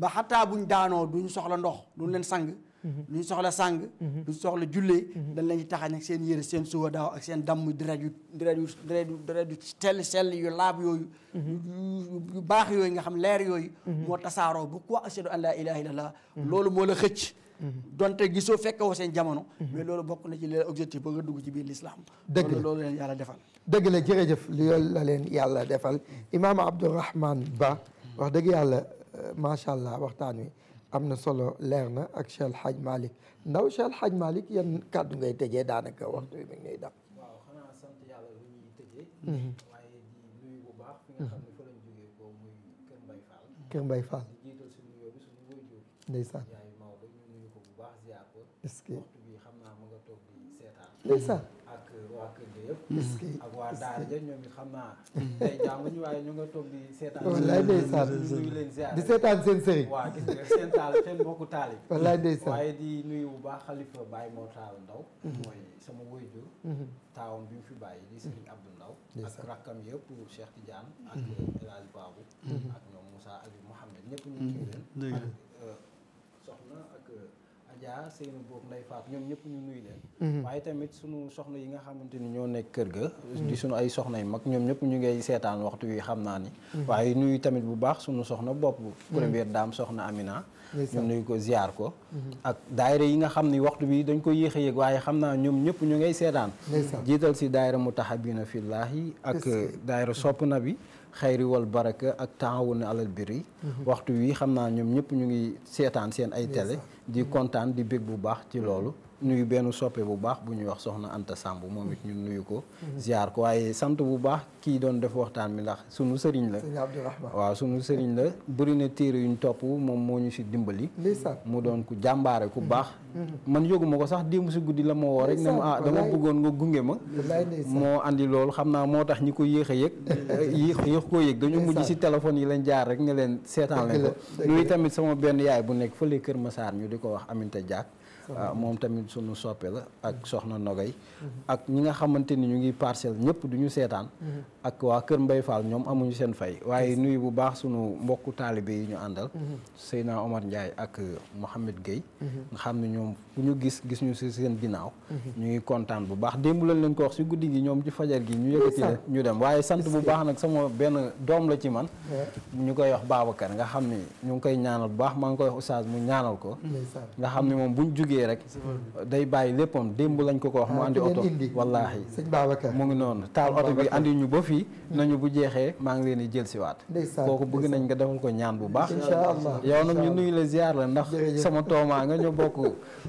Speaker 2: بحتى بندانو دون سخلنو دون لنسانغ duñ soxla sàng duñ soxla julé dañ lañ ñu taxañ ak seen yére seen suwa daw ak seen dam deret yu deret yu deret yu deret yu yu laab yooyu nga xam leer yooyu moo tasaaroo bu ko ashadu an laa ilaaha illallah loolu moo la xëcc donte gisoo fekk woo seen jamono mais loolu bokk na ci leen objectif ba nga dugg ci biir l'islam yàlla defal
Speaker 1: la jërëjëf la yàlla defal Ba wax yàlla allah waxtaan wi am na solo leer na ak Cheikh Hadj Malick ndaw Cheikh Hadj Malick yan kàddu ngay tëjee daanaka waxtu bi mi ngi ñuy dab. waaw xanaa sant yàlla lu ñuy tëjee. Mhm. waaye bu baax. xam ne fa lañ jógee ko muy Kër Mbaye Fall. Kër Mbaye Fall di jiital
Speaker 6: suñu nuyoo bi suñu waajur. baax ziar ko. est que waxtu xam naa mu nga toog di seetaan. ndeysaan. waa kër gi yëpp. Mm-hmm. ak waa Daara ja ñoom it xam naa. tey jànguñu waaye ñu nga toog di seetaan. wallaay ndeysaan ñu ngi leen ziar di seetaan seen sëriñ. waaw gis nga seen taal seen mbokku taal waaye di nuyu bu baax xalifa Baye Mor Tall Ndaw. Mm-hmm. mooy sama waajur. Mm-hmm. taawam bi mu fi bàyyi di Serigne Abdou Ndaw. ak rakkam yëpp Cheikh Tidiane. ak El Hadj Babou. ak ñoom Moussa Aliou Mouhamed ñëpp ñu ngi leen. Dia Seynou Boog Ndeye Fatou ñoom ñëpp ñu nuyu leen mhm. waaye tamit sunu soxna yi nga xamante ni ñoo nekk kër ga di sunu ay soxna yu mag ñoom ñëpp ñu ngay seetaan waxtu yi xam naa ni mhm. waaye nuyu tamit bu baax sunu soxna bopp première mhm. dame soxna Amina ñu nuyu ko ziar ko ak daayira yi nga xam ni waxtu bi dañ ko yéex a yéeg waaye xam naa ñoom ñëpp ñu ngay seetaan jiital si daayira mu taxabina fillaahi ak daayira sopp na bi xayri wal baraka ak ne alal birri mhm. waxtu wi xam naa ñoom ñëpp ñu ngi seetaan seen ay tele di kontaan di bég bu baax ci mhm. loolu nuyu benn soppe bu baax bu ñuy wax soxna Anta Samb moom it ñu nuyu ko. Mhm. ziar ko waaye sant bu baax ki doon def waxtaan mi ndax sunu sëriñ la. waaw sunu sëriñ la bëri na téere yu ñu topp moom ñu si dimbali. mu doon ku jàmbaare ku mhm. baax. Mhm. man yëguma ko sax démb si guddi la moo woo rek. ne ma ah dama bëggoon nga gunge ma. moo andi loolu xam naa moo tax ñi ko yéex a yëg. yéex yéex koo yëg dañu mujj si téléphone yi jaar rek ne ko. nuyu tamit sama benn yaay bu nekk fële Kër Massar ñu wax Aminta jak. Ah, moom tamit suñu soppee la ak soxna Nogay ak ñi nga xamante ni ñu ngi parcelle ñëpp duñu seetaan mhm. ak waa Kër Mbay Fall ñoom amuñu seen fay waaye nuyu bu baax sunu mbokku taalibe yi ñu àndal mm-hmm. Seyna Omar Ndiaye ak uh, Mohamed Gueye mm-hmm. nga xam ne ñoom ñu gis gis ñu si seen ginnaaw mm-hmm. ñu ngi kontaan bu baax démb lañ ko wax si guddi gi ñoom ci fajar gi ñu yëkkati ñu dem waaye sant bu baax nag sama benn doom la ci man ñu koy wax Babacar nga xam ne ñu ngi koy ñaanal bu baax maa ngi koy wax Oustaz mu ñaanal ko nga xam ni moom buñ jógee rek day bàyyi léppam démb lañ ko ko wax mu àndi ah, oto wallaahi mu ngi noonu taal oto bi andi ñu ba fii fii nañu bu jeexee maa ngi leen di jël siwaat kooku bëgg nañ nga defal ko ñaan bu baax inshallah yow nag ñu nuyu la ziar la ndax sama toomaa nga ñu bokk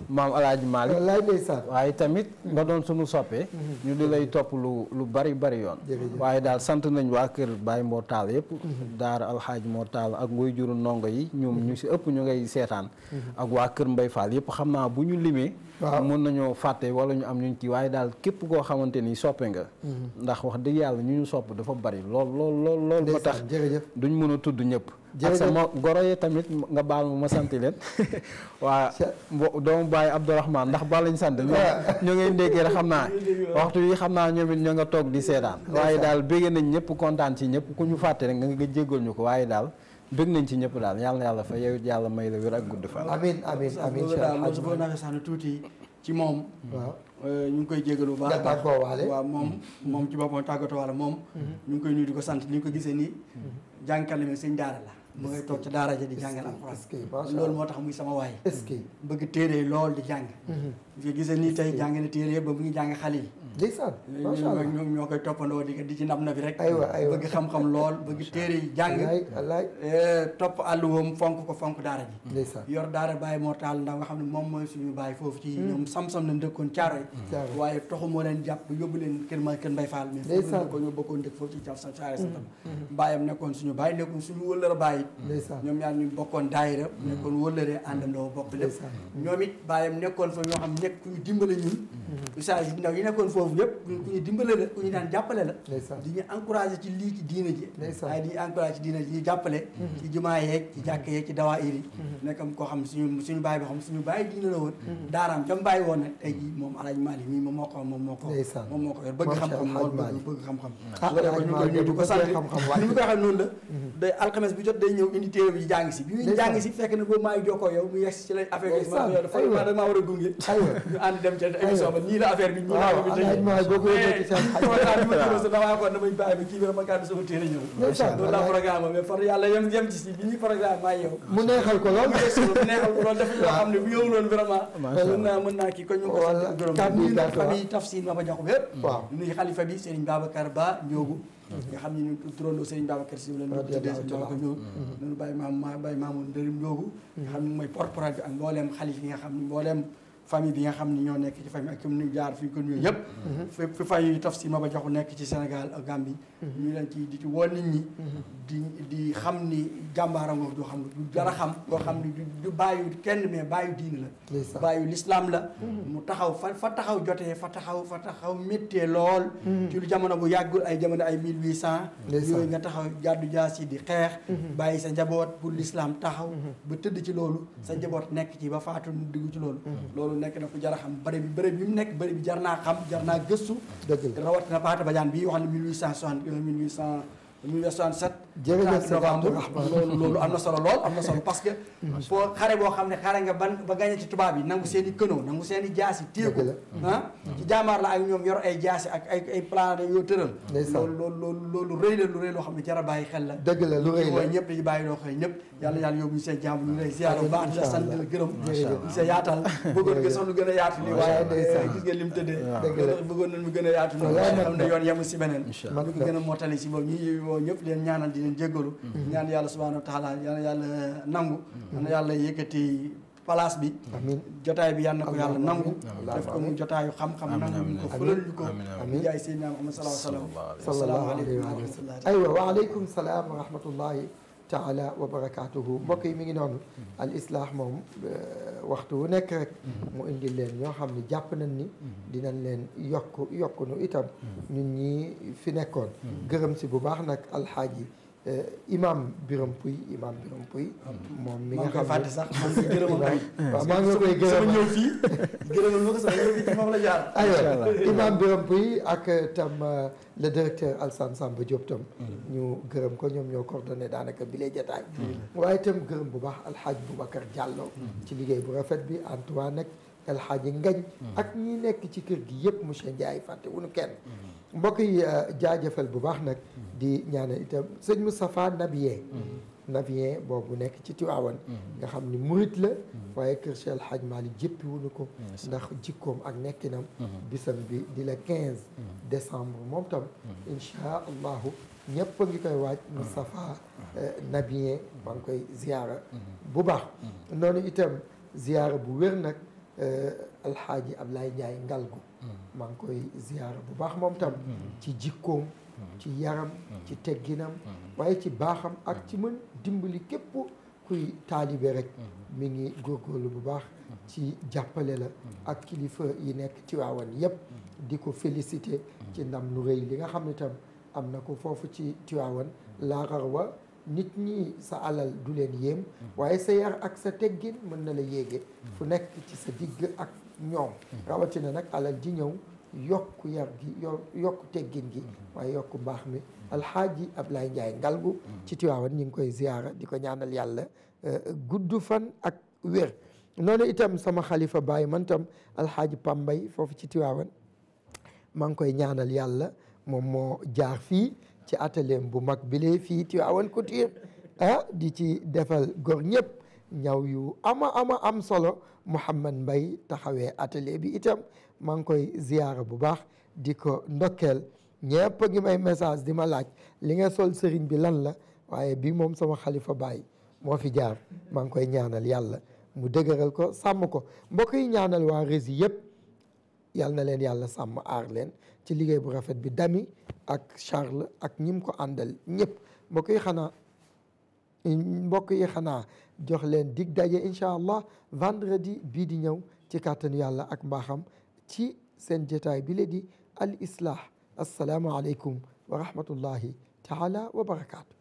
Speaker 6: maam alaaji Maalik waaye tamit nga doon suñu soppee mhm. ñu di lay topp lu lu bari bari yoon waaye daal sant nañ waa kër Baye Mor Tall yëpp mhm. daara alxaaji Mor Tall ak nguy juru ndongo yi ñoom ñu si ëpp ñu ngay seetaan mhm. ak waa kër Mbay Fall yëpp xam naa bu ñu limee mën nañoo fàtte wala ñu am ñuñ ci waaye daal képp koo xamante ni soppe nga sopp dafa bari lool lool lool lool moo tax duñ mën a tudd ñëpp ak sama goro yi tamit nga baal ma ma sant leen waa doomu bàyyi Abdourahmane ndax ba lañ sant ñoo ah. ngay ndéggee rek xam naa waxtu yi xam naa ñoom it ñoo nga toog di seetaan waaye daal bégg nañ ñëpp kontaan ci ñëpp ku ñu fàtte rek nga nga jéggal ñu ko waaye daal bëgg nañ ci ñëpp daal yàlla yàlla fa yow yàlla may la wér ak gudd fan amiin amiin amiin bëgg
Speaker 2: naa ko tuuti ci moom waaw Euh, ñu ngi koy jégalu bu baax nga tàggoo waale waaw moom moom mm-hmm. ci boppam tàggatoo waale moom mm-hmm. ñu ngi koy nuyu di ko sant ni ñu ko gisee nii mm-hmm. jànkale mi sëñ daara la mu ngay toog ci daara ja di jàngal alxuraan moo tax muy sama waay est-ce que bëgg téere lool di jàng nga gisee nii tey jàng na téere ba mu ngi jàng xale yi ndeysaan macha allah ñoom ñoo koy toppandoo di di ci nab na bi rek aywa aywa bëgg xam-xam lool bëgg téere yi jàng alaay eh, topp àlluwam fonk ko fonk daara ji ndeysaan yor daara bàyyi moo taal ndax nga xam ne moom mooy suñu bàyyi foofu ci hmm. ñoom sam-sam lañ dëkkoon caaroy hmm. waaye toxu moo leen jàpp yóbbu leen kër ma kër mbay faal mais foofu ko ñoo bokkoon dëkk foofu ci ca sa caare satam hmm. bàyyam nekkoon suñu bàyyi nekkoon suñu wëllëra bàyyi ñoom ñaar ñu bokkoon daayira nekkoon wëllëre àndandoo bokk lépp ñoom it bàyyam nekkoon fa ñoo xam nekk ñu dimbale ñun usage yi ndaw yi nekkoon foofu foofu yëpp ku ñu dimbale la ku ñu daan jàppale la di ñu encouragé ci lii ci diine ji waaye di ñu encouragé ci diine ji jàppale mm-hmm. ci jumaa yeeg ci jot day ñëw indi téere bi jàng si bi muy jàng si fekk na boobu maa jokkoo yow mu yegsi ci la affaire yi ma damaa war a gunge ñu ànd dem ci émission ba nii la affaire bi ñii la affaire bi mooy boo ko yóbbee ci seen xaj. waaw waaw waaw damaa ko damay bàyyi ba kii bi ma kàddu sama téere ñëw. macha allah loolu laa programme mais far yàlla yem yem ci si bi ñuy programme maa yow. mu neexal ko xalifa bi Serigne Babacar Ba Ndiogu. nga xam ne ñu turandoo Serigne Babacar Sy la ñu bàyyi maam ma bàyyi nga xam ne mooy porte-parole bi ak mbooleem xalif nga xam ne mbooleem famille bi nga xam ni ñoo nekk ci famille ak ñu jaar fi ñu ko nuyoo ñëpp mhm. fi famille yi Tafsir Maba Jaxu nekk ci Sénégal ak Gambie mhm. ñu leen ci di ci woo nit ñi mhm. di di xam ni jàmbaarangoof doo xam du dara xam doo xam ni du bàyyu kenn mais bàyyu diine la bàyyu l'islam la mu taxaw fa fa taxaw jotee fa taxaw fa taxaw méttee lool ci lu jamono bu yàggul ay jamono ay mille huit cent yooyu nga taxaw jàddu jaas yi di xeex bàyyi sa njaboot pour l'islam taxaw ba tëdd ci loolu sa njaboot nekk ci ba faatu dugg ci loolu loolu loolu nekk na ko jar a xam bëri bi bëri bi mu nekk bëri bi jar naa xam jar naa gëstu rawatina Pathé Badiane bi wax ne 1860 1800 1967. jërëjëf novembre loolu loolu am na solo lool am na solo parce foo xare boo xam ne xare nga ban ba gañe ci tubaab yi nangu seen i kënoo nangu seen i jaasi téye ko. Ah? ci jaamaar la ak ñoom yor ay jaasi ak ay loo xam a bàyyi xel la. dëgg la lu rëy la ñëpp dañu bàyyi loo bëggoon nga sax lu gën a yaatu nii waaye gis nga lim gën a yaatu nii xam ne si beneen. lu ko gën a mottali woo ñëpp leen ñaanal di leen jéggalu mhm. ñaan yàlla subhaanahu wa taala yàlla yàlla nangu mhm. na yàlla yëkkati place bi jotaay bi yàlla na ko yàlla nangu def ko mu jotaayu
Speaker 1: xam-xam nangu ñu ko fëlal ñu ko jaay seydina Muhammad sallallahu alayhi wa sallam asalaamaaleykum wa rahmatullah aywa waaleykum salaam wa rahmatullahi تعالى وبركاته بقي مي نونو الاصلاح موم آه، وقتو نيك مو اندي لين ньо خامني جاب ناني دي نان لين يوكو يوكو نو ايتام نيت ني في نيكون گرم سي بو باخ نك الحاجي Eh, imam Biram Pouy imam Biram Pouy. moom mi nga xam ne sax man mi maa ngi koy gërëm sama ñëw fii
Speaker 2: gërëmoon ma
Speaker 1: ak tam euh, le directeur Alsane Samba bu tam. Mm. ñu gërëm ko ñoom ñoo coordonné daanaka bi lay jotaay. Mm. waaye itam gërëm bu baax Alhaji Boubacar Diallo. Mm. ci liggéey bu rafet bi Antoine ak. El Hadji Ngañ ak ñi nekk ci kër gi yëpp monsieur Ndiaye fàtte wuñu kenn mbokk yi jaajëfal bu baax nag di ñaanal itam sëñ Moustapha Nabiyee Nabiyee boobu nekk ci Tiwaawan nga xam ni murit la waaye kër Cheikh El Hadji Malick jëppi wuñu ko ndax jikkoom ak nekkinam bisam bi di la quinze décembre moom tam inchaa allahu ñëpp a ngi koy waaj Moustapha Nabiyee maa ngi koy ziyaara bu baax noonu itam ziyaara bu wér nag Euh, alxaaji Ablaye Ndiaye ngalgu mm. maa ngi koy ziyaara bu baax moom tam mm. ci jikkoom
Speaker 4: mm. ci
Speaker 1: yaram ci tegginam waaye ci baaxam ak ci mën dimbali képp kuy taalibe rek mi ngi góorgóorlu bu baax ci jàppale la ak kilifa yi nekk Tiwaawan yépp di ko félicité ci nam lu rëy li nga xam ne tam am na ko foofu ci Tiwaawan laarar wa nit ñi sa alal du leen yéem mm-hmm. waaye sa yar ak sa teggin mën na la yéege mm-hmm. fu nekk ci sa digg ak ñoom mm-hmm. rawatina nag alal ji ñëw yokk yar gi yokk teggin gi waaye yokk mbaax mi alxaaji Ablaye Ndiaye ngalgu ci Tiwaawan ñu ngi koy ziyaara di ko ñaanal yàlla euh, gudd fan ak weer noonu itam sama xalifa baay man tam alxaaji Pambay foofu ci Tiwaawan maa ngi koy ñaanal yàlla moom moo jaar fii ci atelier bu mag bilee fii Tivaouane Couture ah di ci defal gor ñëpp ñaw yu ama ama am solo Mouhamad mbay taxawee atelier bi itam maa ngi koy ziyaara bu baax di ko ndokkeel ñëpp ngi may message di ma laaj li nga sol sëriñ bi lan la waaye bi moom sama xalifa baay moo fi jaar maa ngi koy ñaanal yàlla mu dëgëral ko sàmm ko mbokk yi ñaanal waa Rési yëpp yal na leen yàlla sàmm aar ci liggéey bu rafet bi dami ak Charles ak ñim ko àndal ñëpp mbokk yi xanaa mbokk yi xanaa jox leen dig daje incha allah vendredi bii di ñëw ci kàttanu yàlla ak mbaaxam ci seen jotaay bi la di al islah assalaamu aleykum wa rahmatullahi taala wa barakaatu